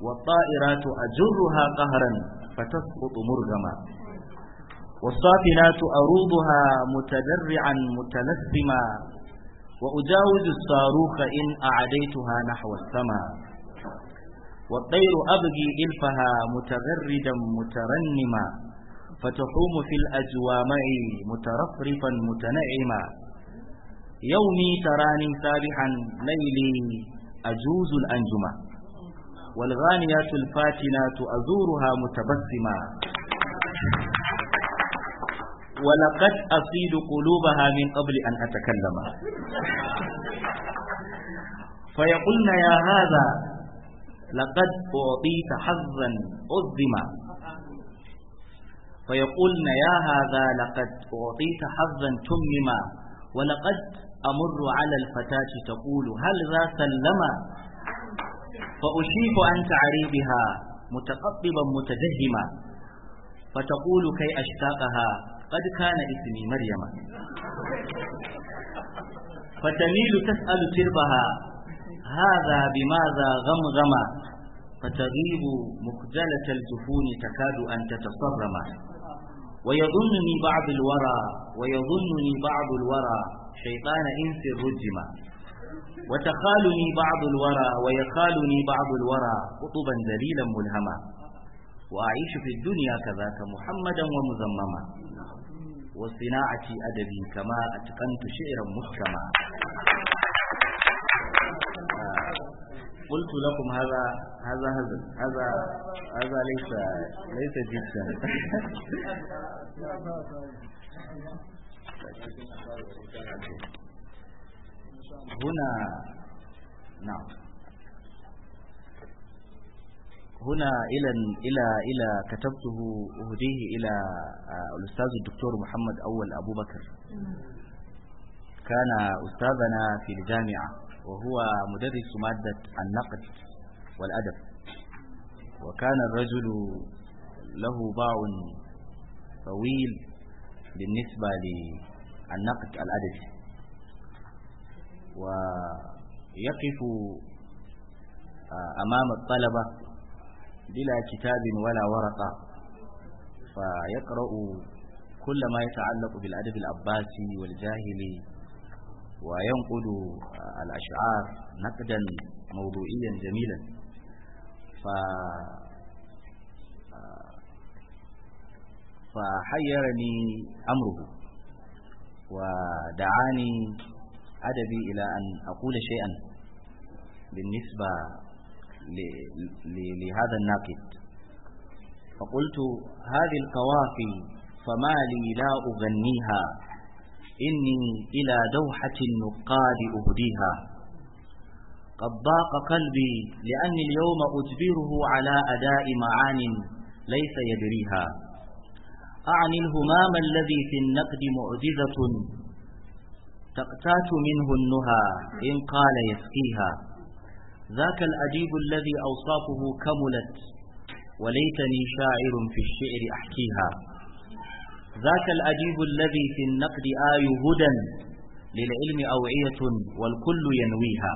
والطائرات أجرها قهرا فتسقط مرغما والصافنات أروضها متدرعا متلثما وأجاوز الصاروخ إن أعديتها نحو السما والطير أبغي إلفها متغردا مترنما فتحوم في الأجوامع مترفرفا متنعما يومي تراني سابحا ليلي أجوز الأنجمة والغانيات الفاتنات أزورها متبسما ولقد أصيد قلوبها من قبل أن أتكلم فيقولن يا هذا لقد أعطيت حظا أظم فيقولن يا هذا لقد أعطيت حظا تمم ولقد أمر على الفتاة تقول هل ذا سلم فأشيف عن تعريبها متقطبا متدهما فتقول كي أشتاقها قد كان اسمي مريم فتميل تسأل تربها هذا بماذا غمغم فتغيب مخجلة الجفون تكاد أن تتصرم ويظنني بعض الورى ويظنني بعض الورى شيطان إنس الرجم وتخالني بعض الورى ويخالني بعض الورى قطبا ذليلا ملهما وأعيش في الدنيا كذاك محمدا ومذمما وصناعة أدبي كما أتقنت شعرا محكما قلت لكم هذا هذا هزل هذا هذا ليس ليس جدا هنا نعم هنا إلى إلى إلى كتبته أهديه إلى آه، الأستاذ الدكتور محمد أول أبو بكر كان أستاذنا في الجامعة وهو مدرس مادة النقد والأدب وكان الرجل له باع طويل بالنسبة للنقد الأدبي ويقف آه، أمام الطلبة بلا كتاب ولا ورقة فيقرأ كل ما يتعلق بالأدب العباسي والجاهلي وينقل الأشعار نقدا موضوعيا جميلا ف فحيرني أمره ودعاني أدبي إلى أن أقول شيئا بالنسبة لهذا الناقد فقلت هذه القوافي فما لي لا أغنيها إني إلى دوحة النقاد أهديها قد ضاق قلبي لأني اليوم أجبره على أداء معان ليس يدريها أعني الهمام الذي في النقد معجزة تقتات منه النهى إن قال يسقيها ذاك الأديب الذي أوصافه كملت وليتني شاعر في الشعر أحكيها ذاك الأديب الذي في النقد آي هدى للعلم أوعية والكل ينويها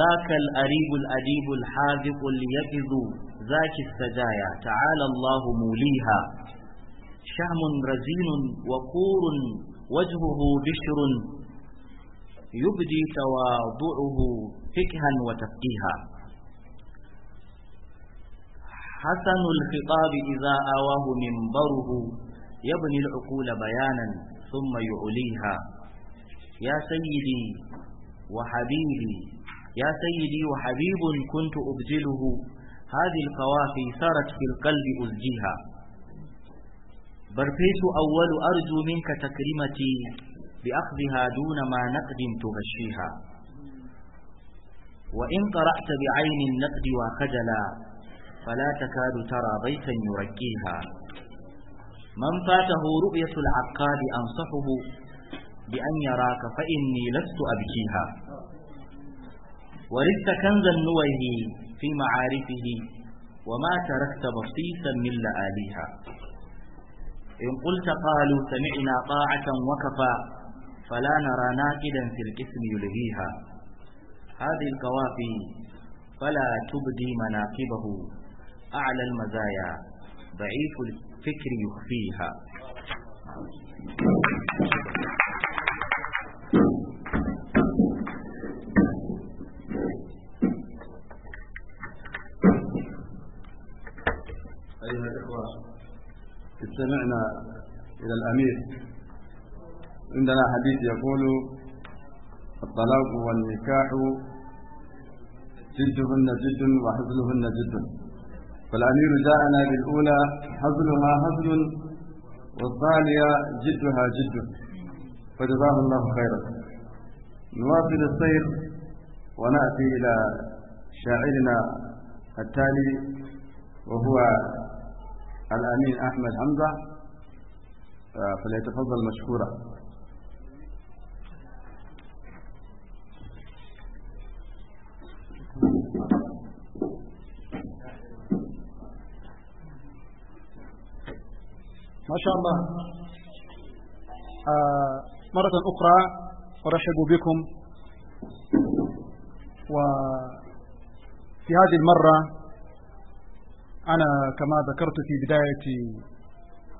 ذاك الأريب الأديب الحاذق اليكذ ذاك السجايا تعالى الله موليها شهم رزين وقور وجهه بشر يبدي تواضعه فقها وتفقيها حسن الخطاب إذا آواه منبره يبني العقول بيانا ثم يعليها يا سيدي وحبيبي يا سيدي وحبيب كنت أبجله هذه القوافي صارت في القلب أزجيها برفيت أول أرجو منك تكرمتي بأخذها دون ما نقد تغشيها وإن قرأت بعين النقد وخجلا فلا تكاد ترى بيتا يركيها من فاته رؤية العقاد أنصحه بأن يراك فإني لست أبكيها ورثت كنز النويه في معارفه وما تركت بصيصا من لآليها إن قلت قالوا سمعنا طاعة وكفى فلا نرى ناكدا في الاسم يلهيها هذه القوافي فلا تبدي مناقبه أعلى المزايا ضعيف الفكر يخفيها أيها الإخوة استمعنا إلى الأمير عندنا حديث يقول الطلاق والنكاح جدهن جد وحزنهن جد فالأمير جاءنا بالأولى حزنها حزن والثانية جدها جد فجزاه الله خيرا نواصل السير ونأتي إلى شاعرنا التالي وهو الأمين أحمد حمزة آه، فليتفضل مشكورا ما شاء الله آه، مرة أخرى أرحب بكم وفي هذه المرة أنا كما ذكرت في بداية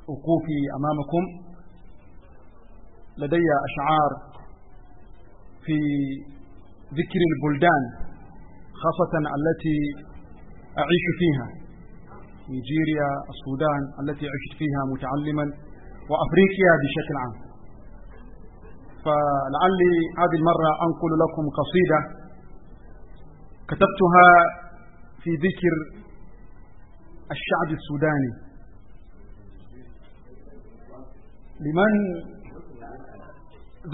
وقوفي أمامكم لدي أشعار في ذكر البلدان خاصة التي أعيش فيها نيجيريا السودان التي عشت فيها متعلما وأفريقيا بشكل عام فلعلي هذه المرة أنقل لكم قصيدة كتبتها في ذكر الشعب السوداني لمن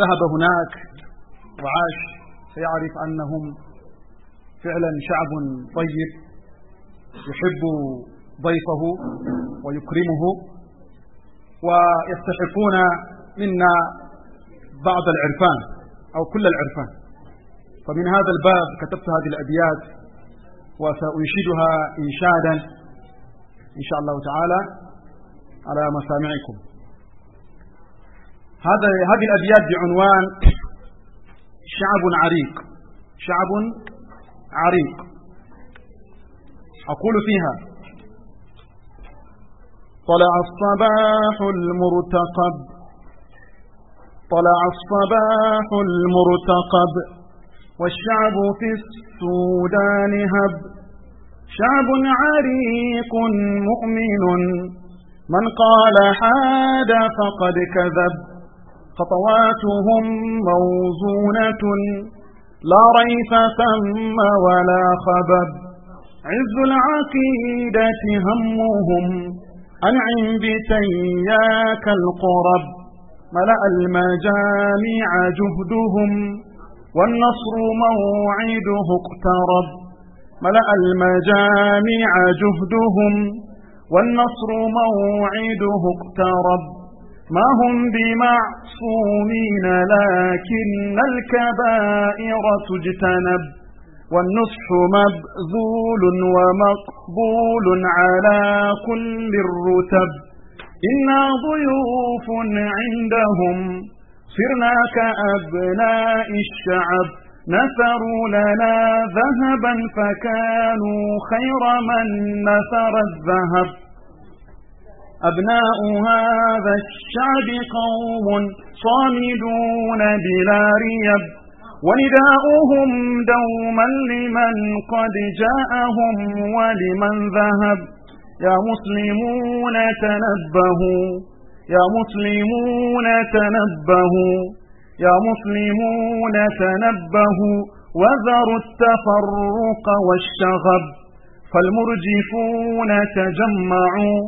ذهب هناك وعاش سيعرف أنهم فعلا شعب طيب يحب ضيفه ويكرمه ويستحقون منا بعض العرفان أو كل العرفان فمن هذا الباب كتبت هذه الأبيات وسأنشدها إنشادا إن شاء الله تعالى على مسامعكم هذا هذه الأبيات بعنوان شعب عريق شعب عريق أقول فيها طلع الصباح المرتقب طلع الصباح المرتقب والشعب في السودان هب شعب عريق مؤمن من قال حاد فقد كذب خطواتهم موزونة لا ريف ثم ولا خبر عز العقيدة همهم أنعم بتياك القرب ملأ المجاميع جهدهم والنصر موعده اقترب ملأ المجاميع جهدهم والنصر موعده اقترب ما هم بمعصومين لكن الكبائر تجتنب والنصح مبذول ومقبول على كل الرتب إنا ضيوف عندهم صرنا كأبناء الشعب نثروا لنا ذهبا فكانوا خير من نثر الذهب أبناء هذا الشعب قوم صامدون بلا ريب ونداؤهم دوما لمن قد جاءهم ولمن ذهب يا مسلمون تنبهوا يا مسلمون تنبهوا يا مسلمون تنبهوا وذروا التفرق والشغب فالمرجفون تجمعوا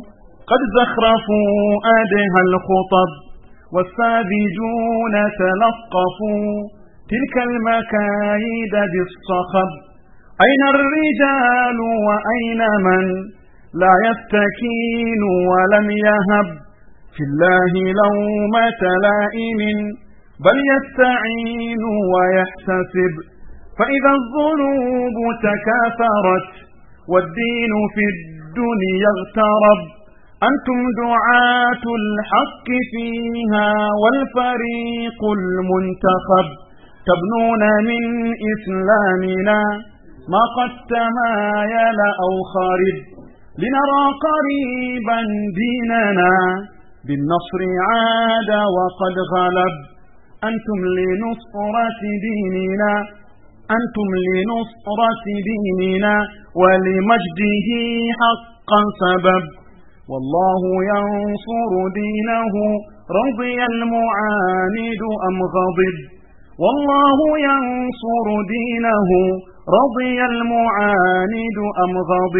قد زخرفوا أدهى الخطب والساذجون تلقفوا تلك المكايد بالصخب أين الرجال وأين من لا يستكين ولم يهب في الله لومة لائم بل يستعين ويحتسب فإذا الظنوب تكاثرت والدين في الدنيا اغترب أنتم دعاة الحق فيها والفريق المنتخب تبنون من إسلامنا ما قد تمايل أو خرب لنرى قريبا ديننا بالنصر عاد وقد غلب أنتم لنصرة ديننا أنتم لنصرة ديننا ولمجده حقا سبب والله ينصر دينه رضي المعاند أم غضب والله ينصر دينه رضي المعاند أم غضب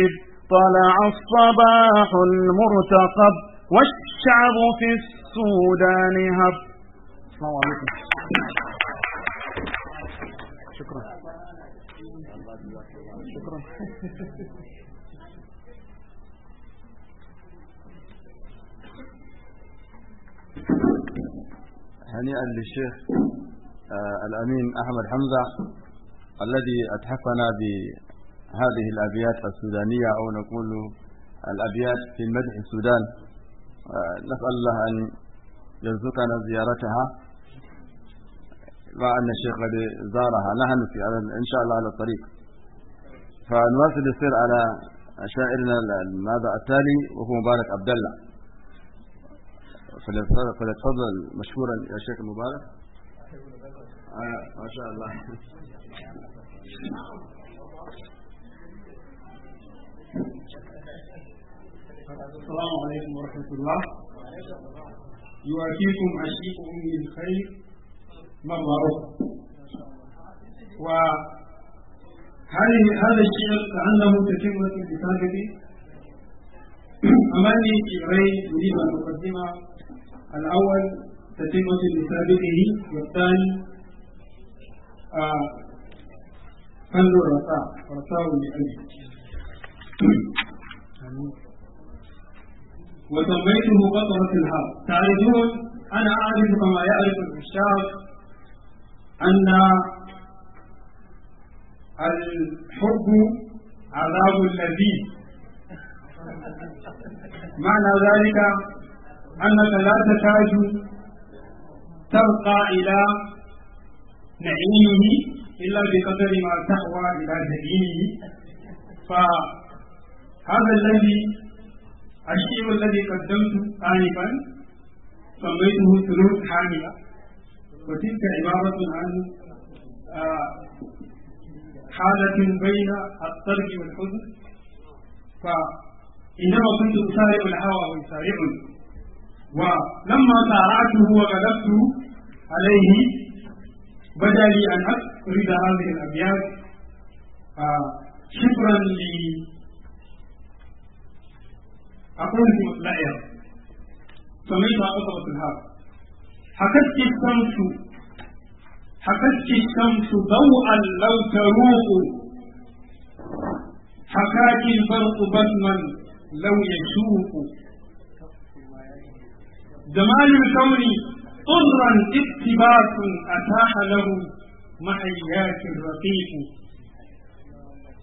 طلع الصباح المرتقب والشعب في السودان هب السلام عليكم شكرا شكرا هنيئا للشيخ آه، الأمين أحمد حمزة الذي أتحفنا بهذه الأبيات السودانية أو نقول الأبيات في مدح السودان آه، نسأل الله أن يرزقنا زيارتها مع أن الشيخ قد زارها نحن في إن شاء الله على الطريق فنواصل السير على شاعرنا ماذا التالي وهو مبارك عبد الله فليتفضل مشكورا يا شيخ المبارك آه، ما شاء الله السلام عليكم ورحمة الله يوافيكم عشيكم من الخير مرة أخرى وهذه هذا الشعر كأنه تتمة لساقتي أمامي شعرين أريد أن أقدمه الأول تتمة لسابقه والثاني فن آه، الرثاء رثاء لأجله وسميته بطلة الهار تعرفون أنا أعرف كما يعرف العشاق أن الحب عذاب لذيذ معنى ذلك أنك لا تحتاج ترقى إلى نعيمه إلا بقدر ما تحوى إلى جبينه فهذا الذي الشيء الذي قدمته آنفا سميته سلوك حاملة وتلك عبارة عن آه، حالة بين الطرب والحزن فإنما كنت أسارع الهوى ويسارعني ولما سارعته وغلبت عليه بدا لي ان اريد هذه الابيات شكرا لي أقول في مطلعها سميتها قطرة الهاب حكتك الشمس حكتك الشمس ضوءا لو تروق حكاك البرق بسما لو يسوق جمال الكون طرا اقتباس أتاح له محيات الرقيق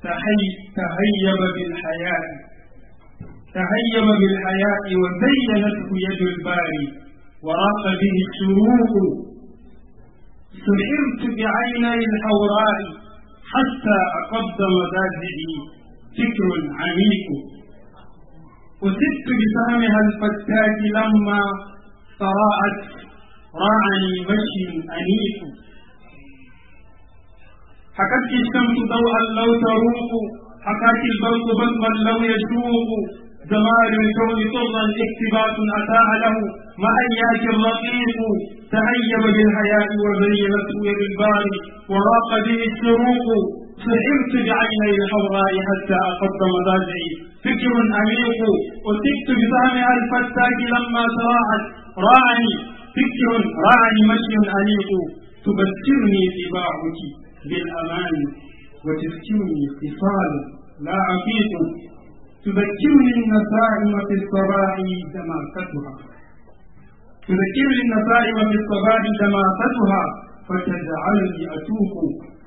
تهيب بالحياة تهيب بالحياة وزينته يد الباري وراق به الشروق سحرت بعيني الحوراء حتى أقض مزاجي فكر عميق وسدت بسهمها الفتاك لما فراءت راعني مشي أنيف حكت الشمس ضوءا لو تروق حكت البرق بطما لو يشوق جمال الكون طرا اقتباس أتاع له مع إياك الرقيق تهيب بالحياة وزينته بالبال وراق به الشروق سئمت بعيني الحمراء حتى أقض مضاجعي فكر أنيق وسبت بفهمها الفتاك لما تراحت راعني فكر راعني مشي أليق تبشرني سباعك بالأمان وتذكرني اتصال لا عفيق تذكرني النسائم في الصباح دماستها تذكرني النسائم في الصباح دماستها فتجعلني أتوق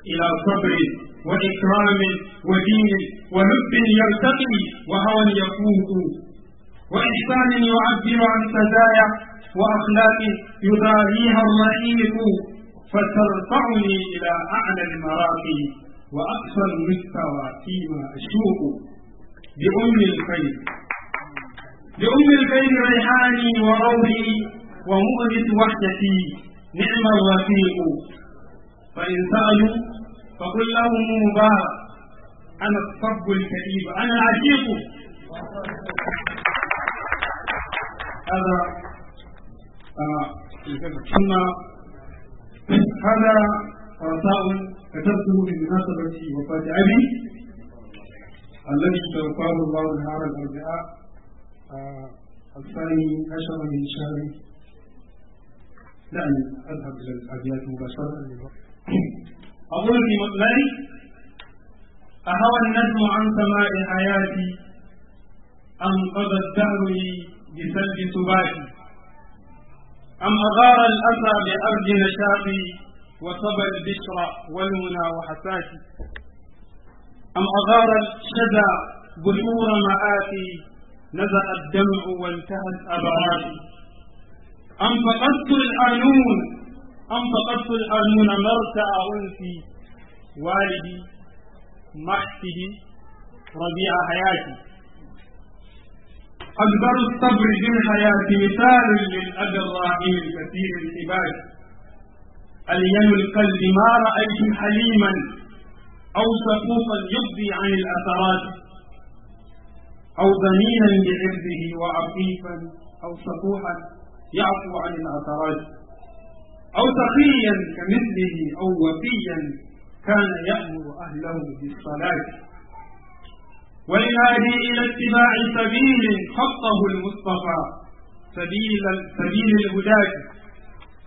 إلى صبر وإكرام ودين ولب يرتقي وهوى يفوت وإحسان يعبر عن سزايا وأخلاقي يداريها الرحيق فترفعني إلى أعلى المراقي وأقصى المستوى فيما أشوق بأم الخير بأم الخير ريحاني وروحي ومؤنس وحدتي نعم الرفيق فإن سألوا فقل لهم مبارك أنا الصب الكئيب أنا العشيق هذا أن هذا عطاء كتبته بمناسبة وفاة أبي الذي توفاه الله نهار الأربعاء آه، الثاني عشر من شهر دعني أذهب إلى الأبيات مباشرة أقول في مقبلي أهوى النجم عن سماء حياتي أنقذ الدهر بسد بسلب سباتي أم أغار الأسى بأرض نشاطي وصبا البشرى والمنى وحساسي أم أغار الشدى بحور مآتي نزأ الدمع وانتهت الأبرار أم فقدت الآنون أم فقدت الآنون مرتع أنفي والدي محسدي ربيع حياتي أكبر الصبر في الحياة مثال للأجراء من الكثير العباد ألين القلب ما رأيت حليما أو سقوطا يقضي عن الأثرات أو ضمينا بعرضه وعفيفا أو سفوحا يعفو عن الأثرات أو تقيا كمثله أو وفيا كان يأمر أهله بالصلاة وينادي إلى اتباع سبيل خطه المصطفى سبيل سبيل الهداة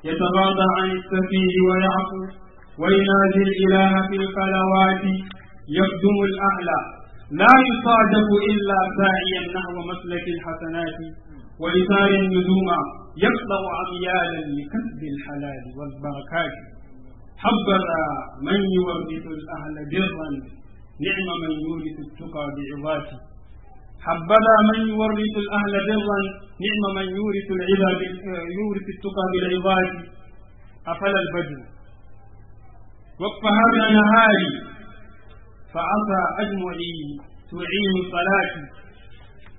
يتغاضى عن السفيه ويعفو وينادي الإله في الخلوات يخدم الأعلى لا يصادف إلا ساعيا نحو مسلك الحسنات وإثار النجوم يقطع عميالا لكسب الحلال والبركات حبذا من يورث الأهل برا نعم من يورث التقى بعظاته حبذا من يورث الأهل برا نعم من يورث العبا يورث التقى بالعظات أفلا البدر وقفها بأنهاري فعصى أجمعي تعين صلاتي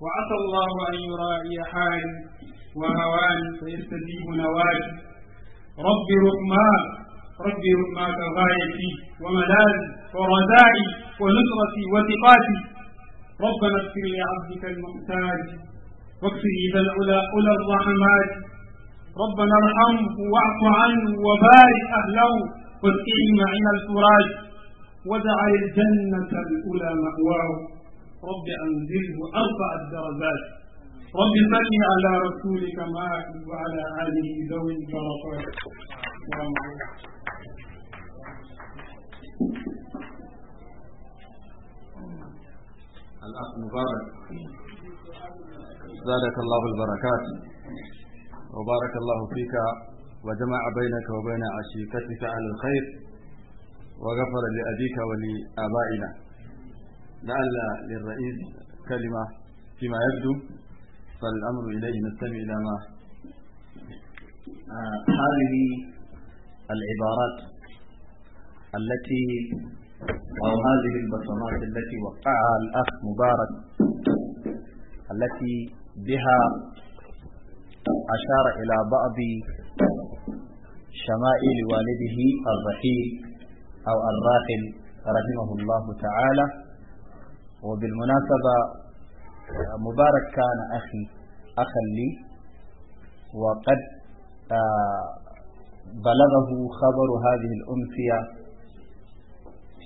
وعسى الله أن يرائي حالي وهواني فيستجيب نواتي ربي رحمن ربي ما غايتي وملاذي ورجائي ونصرتي وثقاتي ربنا اغفر لعبدك المحتاج واكفر إذا العلا أولى الرحمات ربنا ارحمه واعف عنه وبارك أهله واسقهم عين الفراج ودع الجنة الأولى مأواه رب أنزله أرفع الدرجات رب صل على رسولك معك وعلى آله ذوي البركات الأخ مبارك زادك الله البركات وبارك الله فيك وجمع بينك وبين عشيقتك على الخير وغفر لأبيك ولآبائنا لعل للرئيس كلمة فيما يبدو فالأمر إليه نستمع إلى ما آه، هذه العبارات التي أو هذه البصمات التي وقعها الأخ مبارك التي بها أشار إلى بعض شمائل والده الرحيل أو الراحل رحمه الله تعالى وبالمناسبة مبارك كان أخي أخا لي وقد آه، بلغه خبر هذه الأمسية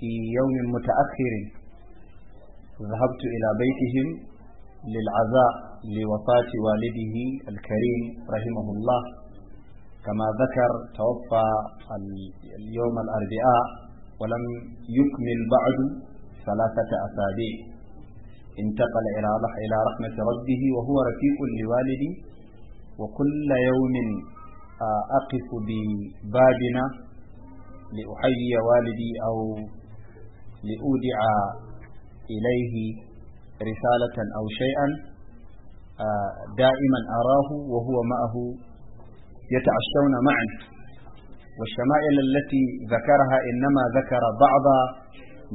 في يوم متأخر ذهبت إلى بيتهم للعزاء لوفاة والده الكريم رحمه الله كما ذكر توفى اليوم الأربعاء ولم يكمل بعد ثلاثة أسابيع انتقل إلى إلى رحمة ربه وهو رفيق لوالدي وكل يوم آه، أقف ببابنا لأحيي والدي أو لأودع إليه رسالة أو شيئا آه، دائما أراه وهو معه يتعشون معا والشمائل التي ذكرها إنما ذكر بعض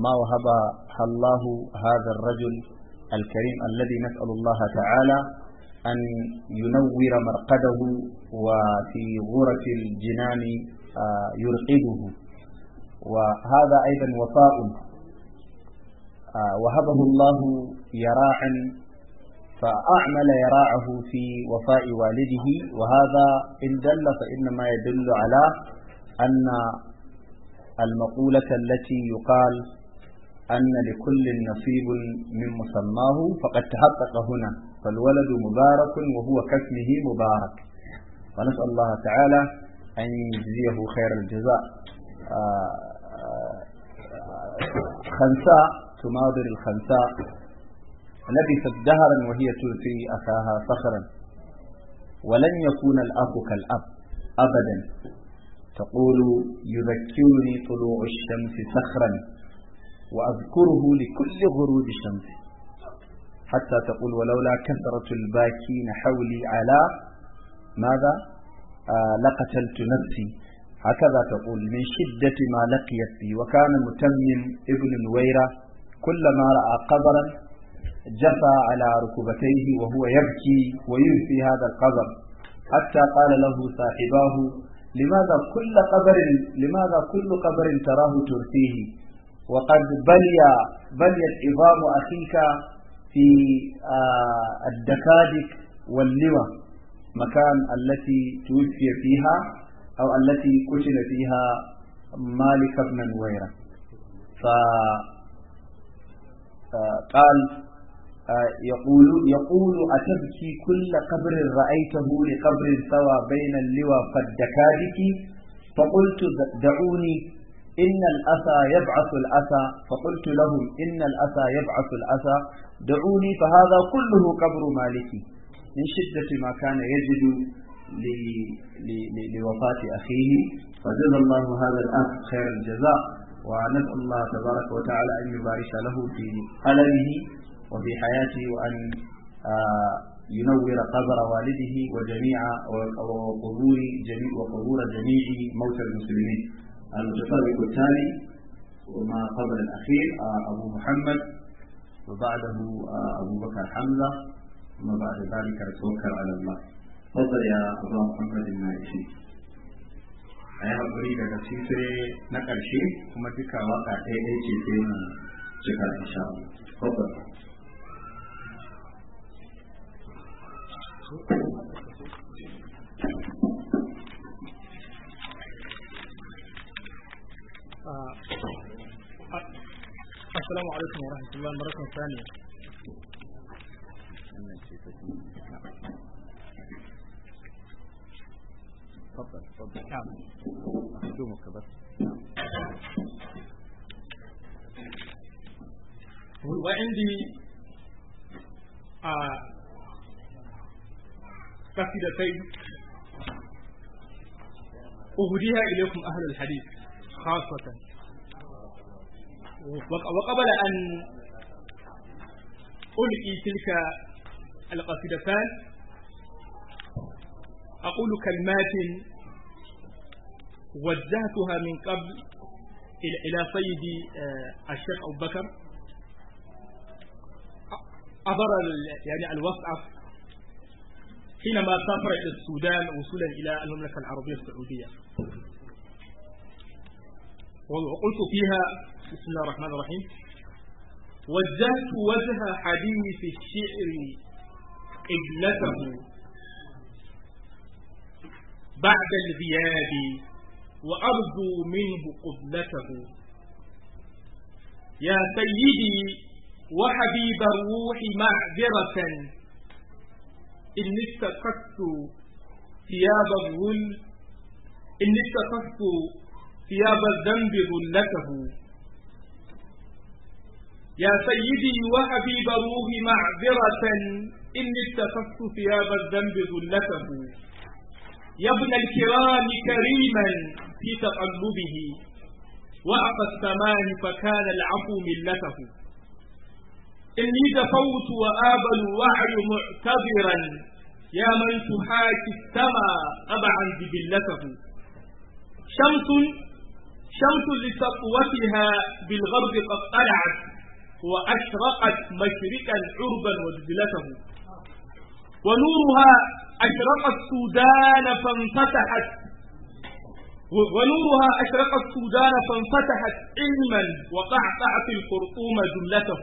ما وهب الله هذا الرجل الكريم الذي نسأل الله تعالى أن ينور مرقده وفي غرة الجنان آه، يرقده وهذا أيضا وفاء آه، وهبه الله يراعا فأعمل يراعه في وفاء والده وهذا إن دل فإنما يدل على أن المقولة التي يقال أن لكل نصيب من مسماه فقد تحقق هنا فالولد مبارك وهو كاسمه مبارك ونسأل الله تعالى أن يجزيه خير الجزاء آه، آه، خنساء تناظر الخنساء لبثت دهرا وهي تلقي أخاها فخرا ولن يكون الأب كالأب أبدا تقول يذكرني طلوع الشمس صخرا وأذكره لكل غروب الشمس حتى تقول ولولا كثرة الباكين حولي على ماذا آه لقتلت نفسي هكذا تقول من شدة ما لقيت بي وكان متمم ابن نويرة كلما رأى قبرا جفى على ركبتيه وهو يبكي وينفي هذا القبر حتى قال له صاحباه لماذا كل قبر لماذا كل قبر تراه ترثيه وقد بلي بليت عظام اخيك في آه، الدكادك واللوى مكان التي توفي فيها او التي قتل فيها مالك بن نويره قال يقول يقول أتبكي كل قبر رأيته لقبر سوى بين اللوى فالدكابك فقلت دعوني إن الأسى يبعث الأسى فقلت لهم إن الأسى يبعث الأسى دعوني فهذا كله قبر مالكي من شدة ما كان يجد لوفاة أخيه فجزى الله هذا الأخ خير الجزاء ونسأل الله تبارك وتعالى أن يبارك له في قلمه وفي حياته وأن آه، ينور قبر والده وجميع وقبور جميع وقبور جميع موتى المسلمين. المتفرق التالي وما قبل الأخير آه، أبو محمد وبعده آه، أبو بكر حمزة ثم بعد ذلك نتوكل على الله. تفضل يا أبو محمد النائشي. a yi haƙuri daga sisire na ƙarshe kuma duka waka ɗaya ɗaya ce sai mu cika insha Allah. Assalamu alaikum wa rahmatullahi wa barakatuh. تفضل تفضل نعم هجومك بس وعندي قصيدتين آه، أهديها إليكم أهل الحديث خاصة وقبل أن ألقي تلك القصيدتان أقول كلمات وجهتها من قبل إلى سيدي آه، الشيخ أبو بكر عبر يعني الوسعف حينما سافر إلى السودان وصولا إلى المملكة العربية السعودية وقلت فيها بسم الله الرحمن الرحيم وجهت وجه حديث الشعر قبلته بعد الغياب وأرجو منه قبلته يا سيدي وحبيب الروح معذرة إني استقدت ثياب الظل إن استقدت ثياب الذنب ظلته يا سيدي وحبيب الروح معذرة إني استقدت ثياب الذنب ظلته يا ابن الكرام كريما في تقلبه وعطى الثمان فكان العفو ملته إني دفوت وآبل وعي معتبرا يا من تحاكي السما أبعا جبلته شمس شمس لسطوتها بالغرب قد طلعت وأشرقت مشرقا عربا وجبلته ونورها أشرق السودان فانفتحت ونورها أشرق السودان فانفتحت علما وقعقع في الخرطوم جلته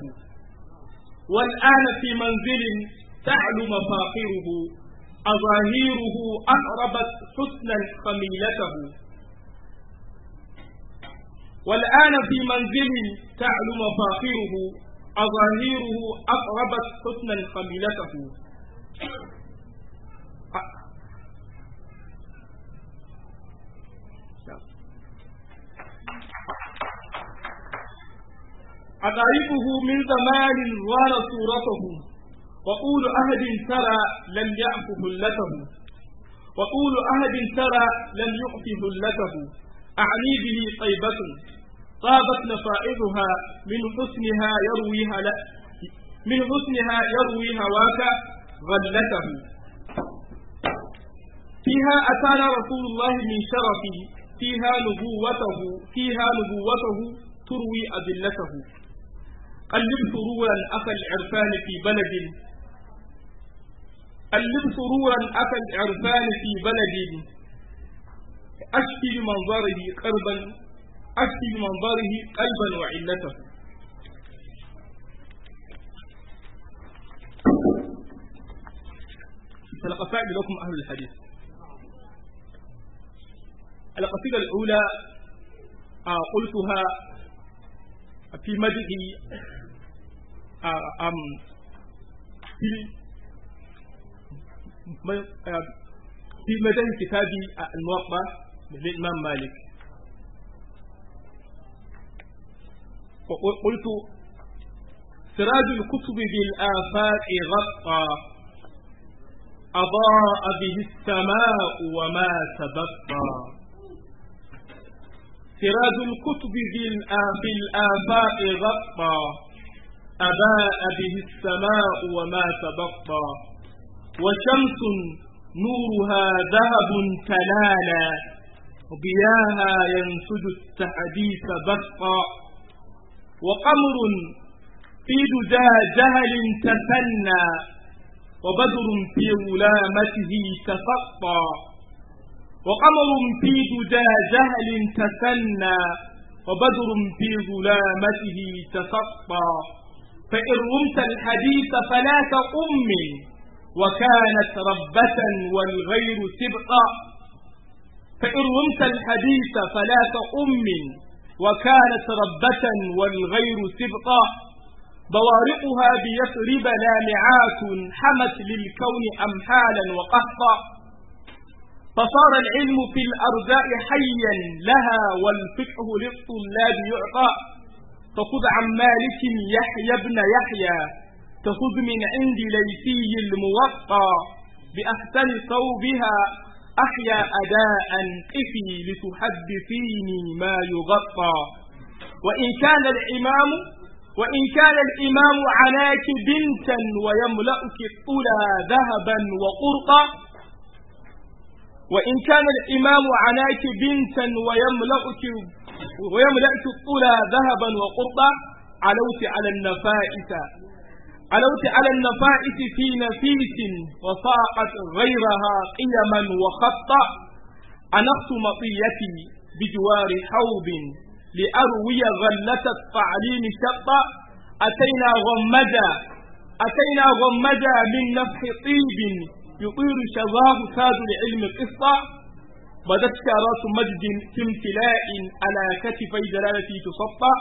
والآن في منزل تعلو مفاخره أظاهيره أقربت حسنا خميلته والآن في منزل تعلو مفاخره أظاهيره أقربت حسنا خميلته أقاربه من زمان وار صورته وقول أحد ترى لم يعف هلته وقول أحد ترى لم يعف هلته أعني به طيبة طابت نفائذها من حسنها يرويها لا من حسنها يروي هواك غلته فيها أتانا رسول الله من شرفه فيها نبوته فيها نبوته تروي أذلته اللبس روى أخا العرفان في بلد اللبس روى أخا العرفان في بلد أشفي بمنظره قربا أشفي بمنظره قلبا وعلته سلقفاء لكم أهل الحديث القصيدة الأولى آه، قلتها في مدح uh, um, في مدن آه، كتاب الموقع للإمام مالك وقلت سراج الكتب بالآفاق غطى أضاء به السماء وما تبقى سراج الكتب بالآفاق غطى أباء به السماء وما تبقى وشمس نورها ذهب تلالا ضياها ينسج التحديث بقى وقمر في دجا جهل تسنى وبدر في غلامته تفقى وقمر في دجا جهل تسنى وبدر في ظلامته تسطى فإن رمت الحديث فلا تقم وكانت ربة والغير سبقا فإن رمت الحديث فلا كأم وكانت ربة والغير سبقا بوارقها بيثرب لامعات حمت للكون أمحالا وقهطا فصار العلم في الأرجاء حيا لها والفقه للطلاب يعطى فخذ عن مالك يحيى بن يحيى فخذ من عند ليثي الموقع بأحسن صوبها أحيا أداء قفي لتحدثيني ما يغطى وإن كان الإمام وإن كان الإمام عناك بنتا ويملأك الطلا ذهبا وقرطا وإن كان الإمام عناك بنتا ويملأك ويملأت الطلا ذهبا وقطا علوت على النفائس علوت على النفائس في نفيس وصاقت غيرها قيما وخطا أنقت مطيتي بجوار حوض لأروي غلة التعليم شطا أتينا غمدا أتينا غمدا من نفح طيب يطير شظاه ساد العلم قسطا بدت شعرات مجد في امتلاء على كتفي جلالتي تصفى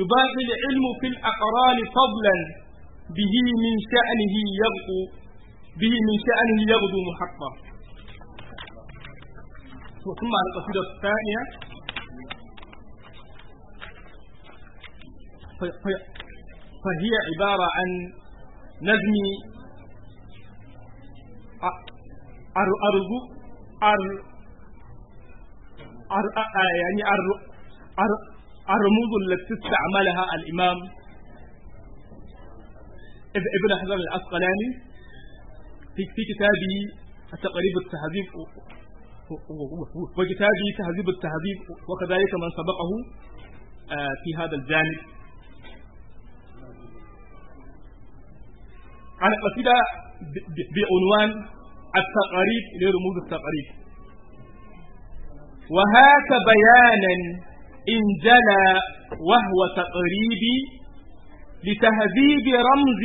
يباغي العلم في الأقران فضلا به من شأنه يغدو به من شأنه يغدو محقا ثم على القصيدة الثانية فهي عبارة عن نجم أرجو أر يعني الرموز التي استعملها الإمام ابن حزم العسقلاني في, كتابه تقريب التهذيب وكتابه تهذيب التهذيب وكذلك من سبقه آه، في هذا الجانب على قصيدة بعنوان التقاريب لرموز التقاريب وهات بيانا إن جلا وهو تقريبي لتهذيب رمز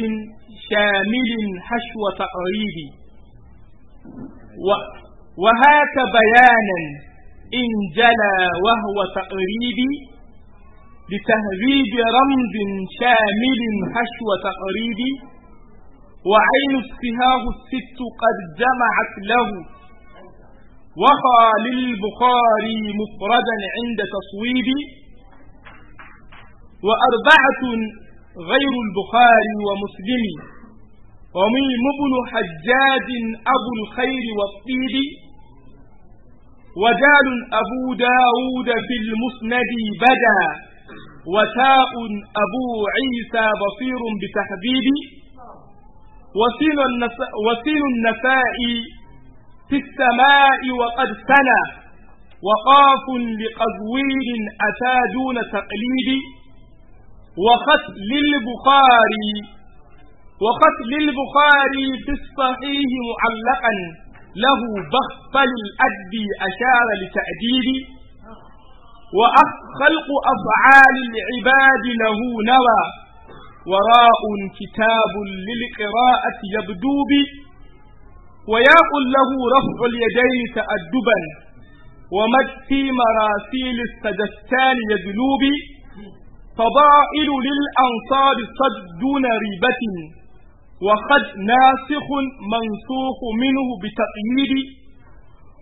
شامل حشو تقريبي وهات بيانا إن جلا وهو تقريبي لتهذيب رمز شامل حشو تقريبي وعين السهاه الست قد جمعت له وقع للبخاري مفردا عند تصويب وأربعة غير البخاري ومسلم وميم بن حجاج أبو الخير والطيب وجال أبو داود في المسند بدا وتاء أبو عيسى بصير بتحبيب وسين النسائي في السماء وقد سنى وقاف لقزوين أتى دون تقليد وقتل للبخاري وقتل للبخاري في الصحيح معلقا له بخل الأدب أشار لتأديب وأخ خلق أفعال العباد له نوى وراء كتاب للقراءة يبدو بي وياء له رفع اليدين تأدبا ومد في مراسيل السجستان يدلوبي فضائل للأنصار صد دون ريبة وقد ناسخ منسوخ منه بتقييد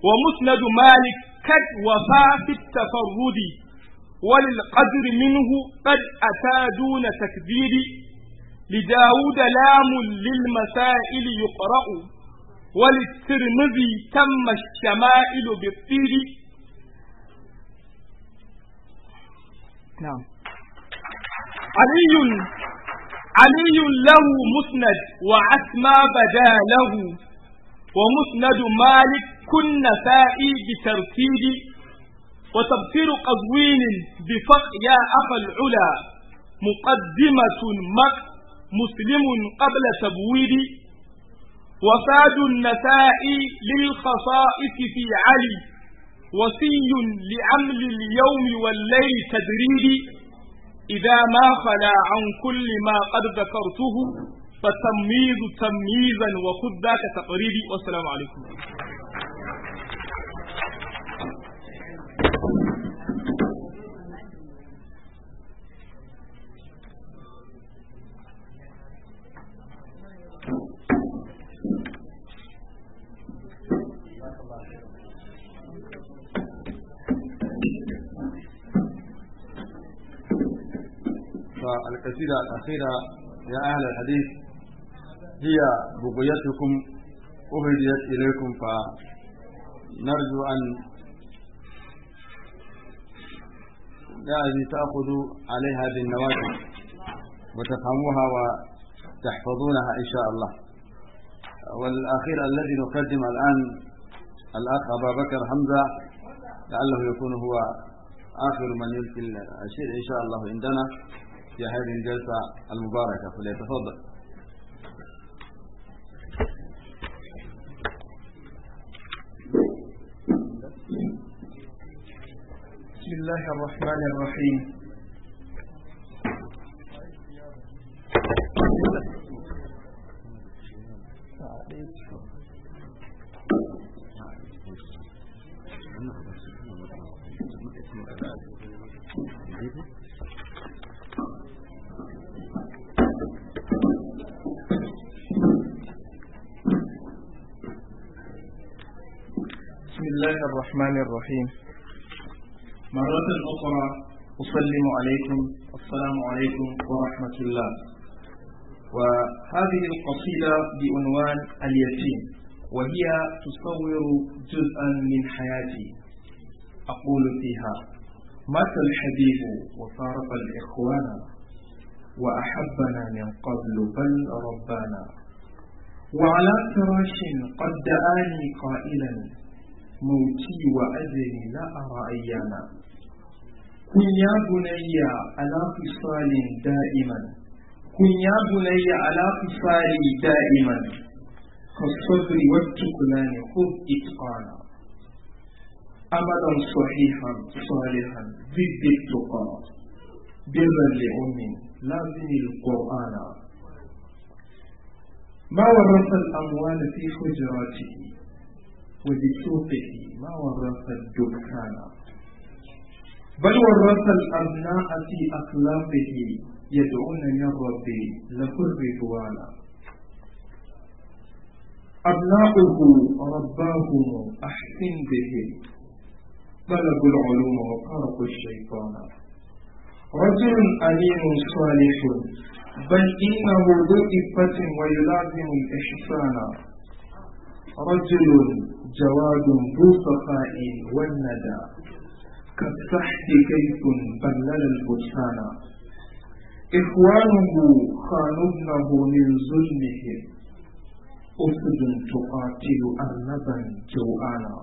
ومسند مالك كد وفى في التفرد وللقدر منه قد أتى دون تكذيب لداود لام للمسائل يقرأ وللترمذي تم الشمائل بالطير نعم علي علي له مسند وعثما بدا له ومسند مالك كن فائي بترتيب وتبصير قزوين بفق يا أخا العلا مقدمة مك مسلم قبل تبويب وفاد النساء للخصائص في علي وصي لعمل اليوم والليل تدريبي إذا ما خلا عن كل ما قد ذكرته فتمييز تمييزا وخذ ذاك تقريبي والسلام عليكم الأسئلة الأخيرة يا أهل الحديث هي بغيتكم أهديت إليكم فنرجو أن يعني تأخذوا عليها بالنواجذ وتفهموها وتحفظونها إن شاء الله والأخير الذي نقدم الآن الأخ أبا بكر حمزة لعله يكون هو آخر من يلقي الشيء إن شاء الله عندنا في هذه الجلسة المباركة فليتفضل بسم الله الرحمن الرحيم الله الرحمن الرحيم مرة أخرى أسلم عليكم السلام عليكم ورحمة الله وهذه القصيدة بعنوان اليتيم وهي تصور جزءا من حياتي أقول فيها مات الحبيب وفارق الإخوان وأحبنا من قبل بل ربانا وعلى فراش قد دعاني قائلا موتي وأجري لا أرى أياما كن يا بني على فصال دائما كن يا بني على فصال دائما كالصبر والتقنان خذ إتقانا أملا صحيحا صالحا ضد التقى برا لأم لازم القرآن ما ورث الأموال في حجراته وبسوقه ما ورث الدكان بل ورث الأبناء في أخلاقه يدعون يا ربي له الرضوان أبناؤه رباهم أحسن به طلبوا العلوم وفارقوا الشيطان رجل أليم صالح بل إنه ذو إفة ويلازم الإحسان رجل جواد ذو صفاء والندى كالصحت كيف بلل البستان إخوانه خانونه من ظلمهم أسد تقاتل أرنبا جوعانا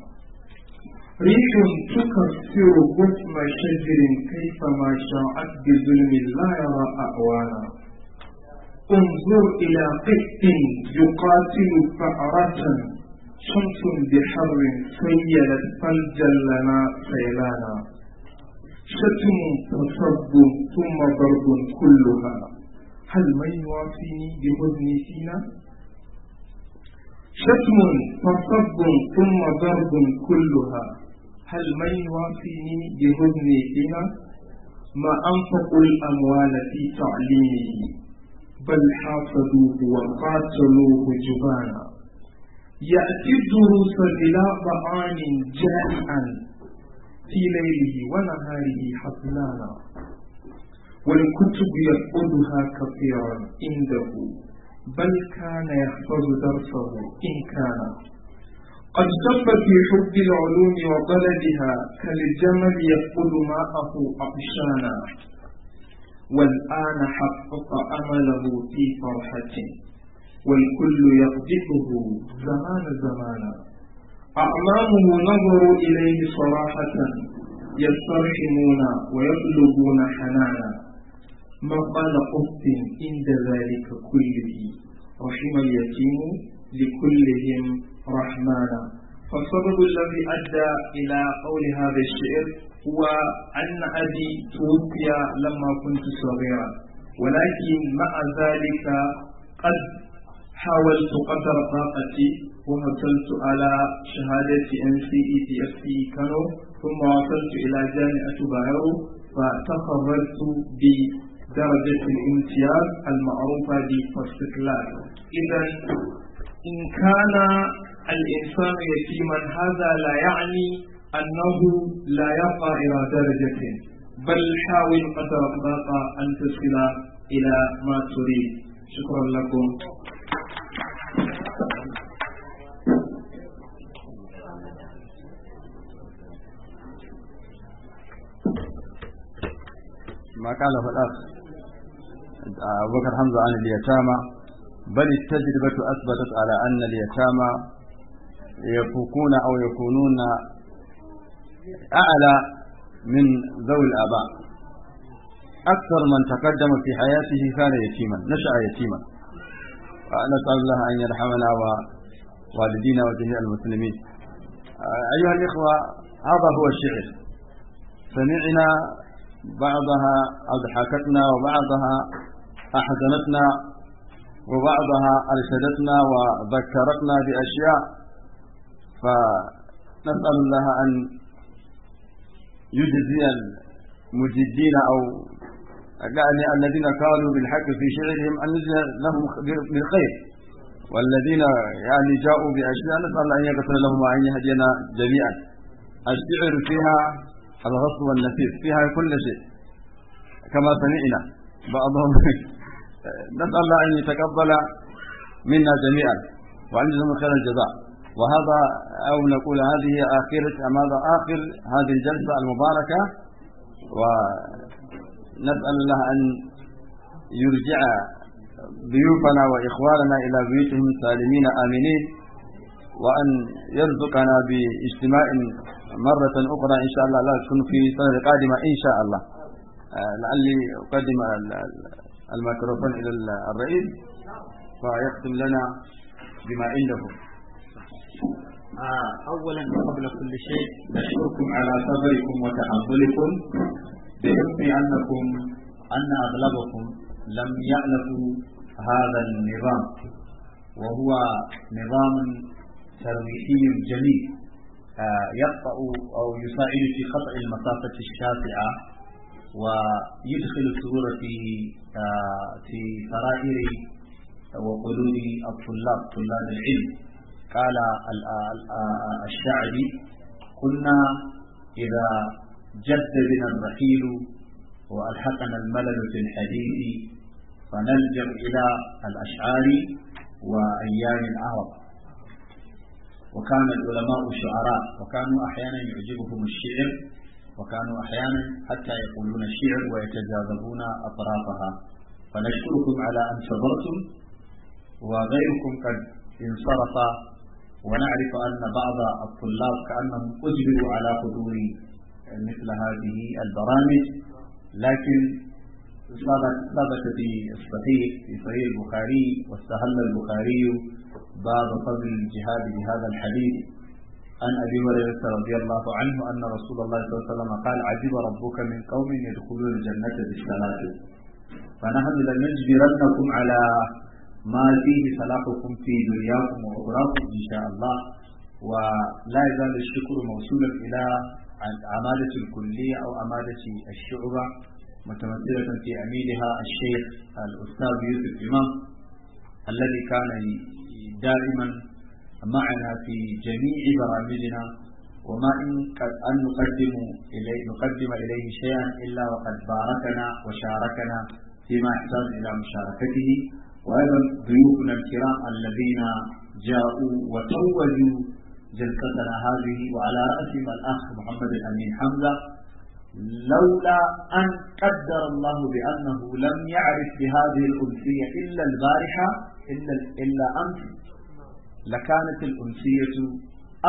ريح تكسر قسم شجر كيفما شاءت بظلم لا يرى أعوانا انظر إلى قط يقاتل فأرة شمس بحر سيلت فانجل لنا سيلانا شتم وصب ثم ضرب كلها هل من يوافيني بحزن سينا شتم وصب ثم ضرب كلها هل من يوافيني بحزن سينا ما أنفقوا الأموال في تعليمه بل حافظوه وقاتلوه جبانا الدروس بلا طعام جائعا في ليله ونهاره حسنانا والكتب يفقدها كثيرا عنده بل كان يحفظ درسه إن كان قد شب في حب العلوم وطلبها كالجمل يفقد ماءه عطشانا والآن حقق أمله في فرحة والكل يقذفه زمان زمانا أعمامه نظروا إليه صراحة يسترحمون ويطلبون حنانا مقال قط عند ذلك كله رحم اليتيم لكلهم رحمانا فالسبب الذي أدى إلى قول هذا الشعر هو أن أبي توفي لما كنت صغيرا ولكن مع ذلك قد حاولت قدر طاقتي وحصلت على شهادة سي كانو e ثم وصلت إلى جامعة بايرو فتخرجت بدرجة الامتياز المعروفة بفرست إذا إن كان الإنسان يتيما هذا لا يعني أنه لا يرقى إلى درجة بل حاول قدر الطاقة أن تصل إلى ما تريد شكرا لكم ما قال فالأخ أبو بكر حمزة عن اليتامى بل التجربة أثبتت على أن اليتامى يفوقون أو يكونون أعلى من ذوي الآباء أكثر من تقدم في حياته كان يتيما نشأ يتيما نسأل الله أن يرحمنا ووالدينا وجميع المسلمين أيها الإخوة هذا هو الشعر سمعنا بعضها أضحكتنا وبعضها أحزنتنا وبعضها أرشدتنا وذكرتنا بأشياء فنسأل الله أن يجزي المجدين أو يعني الذين قالوا بالحق في شعرهم أن يجزي لهم بالخير والذين يعني جاءوا بأشياء نسأل أن يغفر لهم وأن يهدينا جميعا الشعر فيها الغصب والنفير فيها كل شيء كما سمعنا بعضهم *laughs* نسأل الله أن يتقبل منا جميعا وأن يجزم خير الجزاء وهذا أو نقول هذه آخرة ماذا آخر هذه الجلسة المباركة ونسأل الله أن يرجع ضيوفنا وإخواننا إلى بيوتهم سالمين آمنين وأن يرزقنا باجتماع مرة أخرى إن شاء الله لا تكون في السنة القادمة إن شاء الله آه، لعلي أقدم الميكروفون إلى الرئيس فيختم لنا بما عنده آه، أولا قبل كل شيء نشكركم على صبركم وتحملكم بحكم أنكم أن أغلبكم لم يألفوا هذا النظام وهو نظام ترويحي جميل آه، يقطع أو يساعد في قطع المسافة الشاسعة ويدخل السرور في آه، في سرائر وقلوب الطلاب طلاب العلم قال آه، الشعبي قلنا إذا جد بنا الرحيل وألحقنا الملل في الحديث فنلجأ إلى الأشعار وأيام العرب وكان العلماء شعراء وكانوا أحيانا يعجبهم الشعر وكانوا أحيانا حتى يقولون الشعر ويتجاذبون أطرافها فنشكركم على أن صبرتم وغيركم قد انصرف ونعرف أن بعض الطلاب كأنهم أجبروا على حضور مثل هذه البرامج لكن ثبت في الصحيح في صحيح البخاري واستهل البخاري باب فضل الجهاد بهذا الحديث عن ابي هريره رضي الله عنه ان رسول الله صلى الله عليه وسلم قال عجب ربك من قوم يدخلون الجنه بالصلاه فنحن لنجبرنكم على ما فيه صلاحكم في دنياكم واخراكم ان شاء الله ولا يزال الشكر موصولا الى عمادة الكليه او عمادة الشعبه متمثله في أميرها الشيخ الاستاذ يوسف امام الذي كان دائما معنا في جميع برامجنا وما إن قد أن نقدم إليه نقدم إليه شيئا إلا وقد باركنا وشاركنا فيما يحتاج إلى مشاركته وأيضا ضيوفنا الكرام الذين جاءوا وتوجوا جلستنا هذه وعلى رأسهم الأخ محمد الأمين حمزة لولا أن قدر الله بأنه لم يعرف بهذه الأمسية إلا البارحة إلا إلا أمس لكانت الأنسية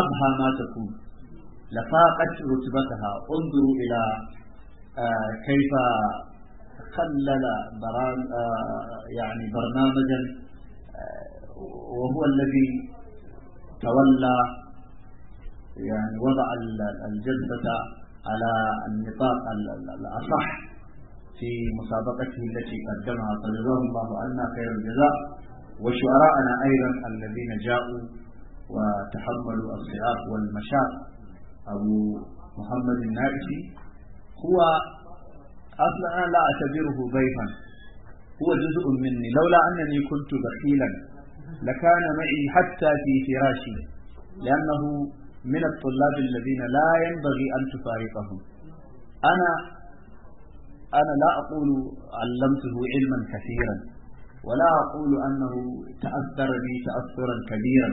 أبهى ما تكون لفاقت رتبتها انظروا إلى آه كيف خلل آه يعني برنامجا آه وهو الذي تولى يعني وضع الجذبة على النطاق الأصح في مسابقته التي قدمها فجزاه الله عنا خير الجزاء وشعراءنا أيضا الذين جاءوا وتحملوا الصعاب والمشاق أبو محمد النابسي هو أصلا أنا لا أعتبره ضيفا هو جزء مني لولا أنني كنت بخيلا لكان معي حتى في فراشي لأنه من الطلاب الذين لا ينبغي أن تفارقهم أنا أنا لا أقول علمته علما كثيرا ولا أقول أنه تأثر بي تأثرا كبيرا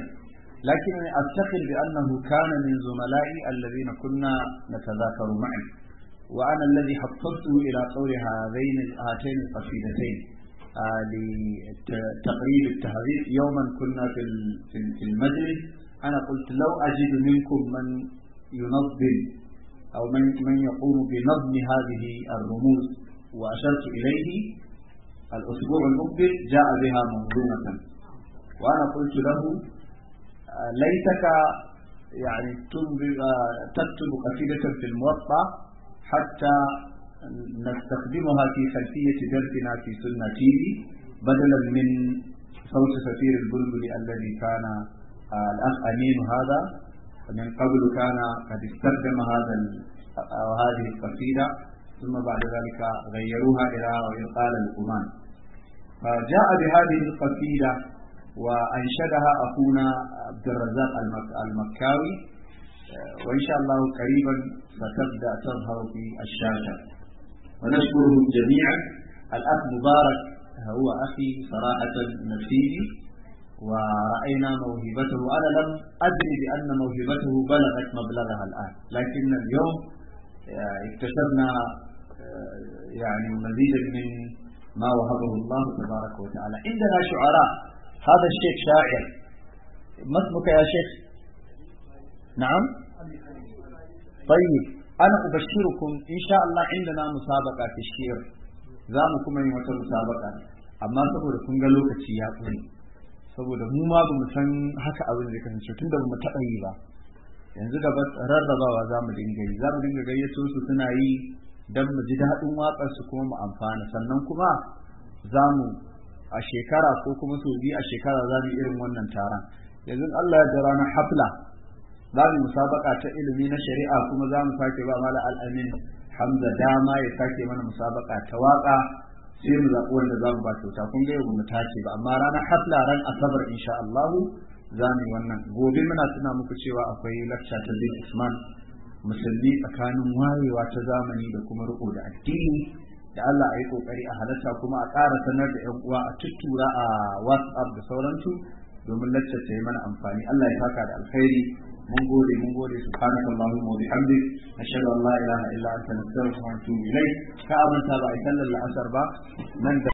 لكنني أفتخر بأنه كان من زملائي الذين كنا نتذاكر معي وأنا الذي حفظته إلى قول هذين هاتين القصيدتين آه لتقريب التهذيب يوما كنا في في المجلس أنا قلت لو أجد منكم من ينظم أو من من يقوم بنظم هذه الرموز وأشرت إليه الأسبوع المقبل جاء بها منظومة وأنا قلت له ليتك يعني تكتب قصيدة في الموطأ حتى نستخدمها في خلفية درسنا في سنة تيلي بدلا من صوت سفير البلبل الذي كان آه، الأخ أمين هذا من قبل كان قد استخدم هذا آه، هذه القصيدة ثم بعد ذلك غيروها إلى ويقال القمان فجاء بهذه القصيدة وأنشدها أخونا عبد الرزاق المكاوي آه، وإن شاء الله قريبا ستبدأ تظهر في الشاشة ونشكرهم جميعا الأخ مبارك هو أخي صراحة نفسي ورأينا موهبته أنا لم أدري بأن موهبته بلغت مبلغها الآن لكن اليوم يعني اكتسبنا آه، يعني مزيدا من ما وهبه الله تبارك وتعالى عندنا شعراء هذا الشيخ شاعر ما اسمك يا شيخ نعم طيب أنا أبشركم إن شاء الله عندنا مسابقة في الشير زامكم أي متى مسابقة أما سبب كن قالوا كتيا saboda mu ma ba mu san haka abin zai kasance mu taɓa yi ba yanzu da rarrabawa za mu dinga yi za mu dinga gayyato su suna yi don mu ji daɗin waƙar su kuma mu amfana sannan kuma za mu a shekara ko kuma sau biyu a shekara za mu irin wannan taron yanzu Allah ya jira na hafla za mu musabaka ta ilimi na shari'a kuma za mu sake ba mala al'amin hamza dama ya sake mana musabaka ta waƙa sai mu zaɓi wanda za mu ba kyauta kun ga yau mu tace ba amma ranar hafla ran asabar insha Allahu za mu yi wannan gobe muna tuna muku cewa akwai lakca ta bin Usman musulmi tsakanin wayewa ta zamani da kuma riko da addini da Allah a yi kokari a halatta kuma a ƙara sanar da ƴan uwa a tuttura a WhatsApp da sauransu domin laccar ta yi mana amfani Allah ya saka da alkhairi mun gode mun gode subhanaka allahumma wa bihamdik ashhadu an la ilaha illa anta nastaghfiruka wa atubu ilayk ka amanta ba a sallar la'asar ba nan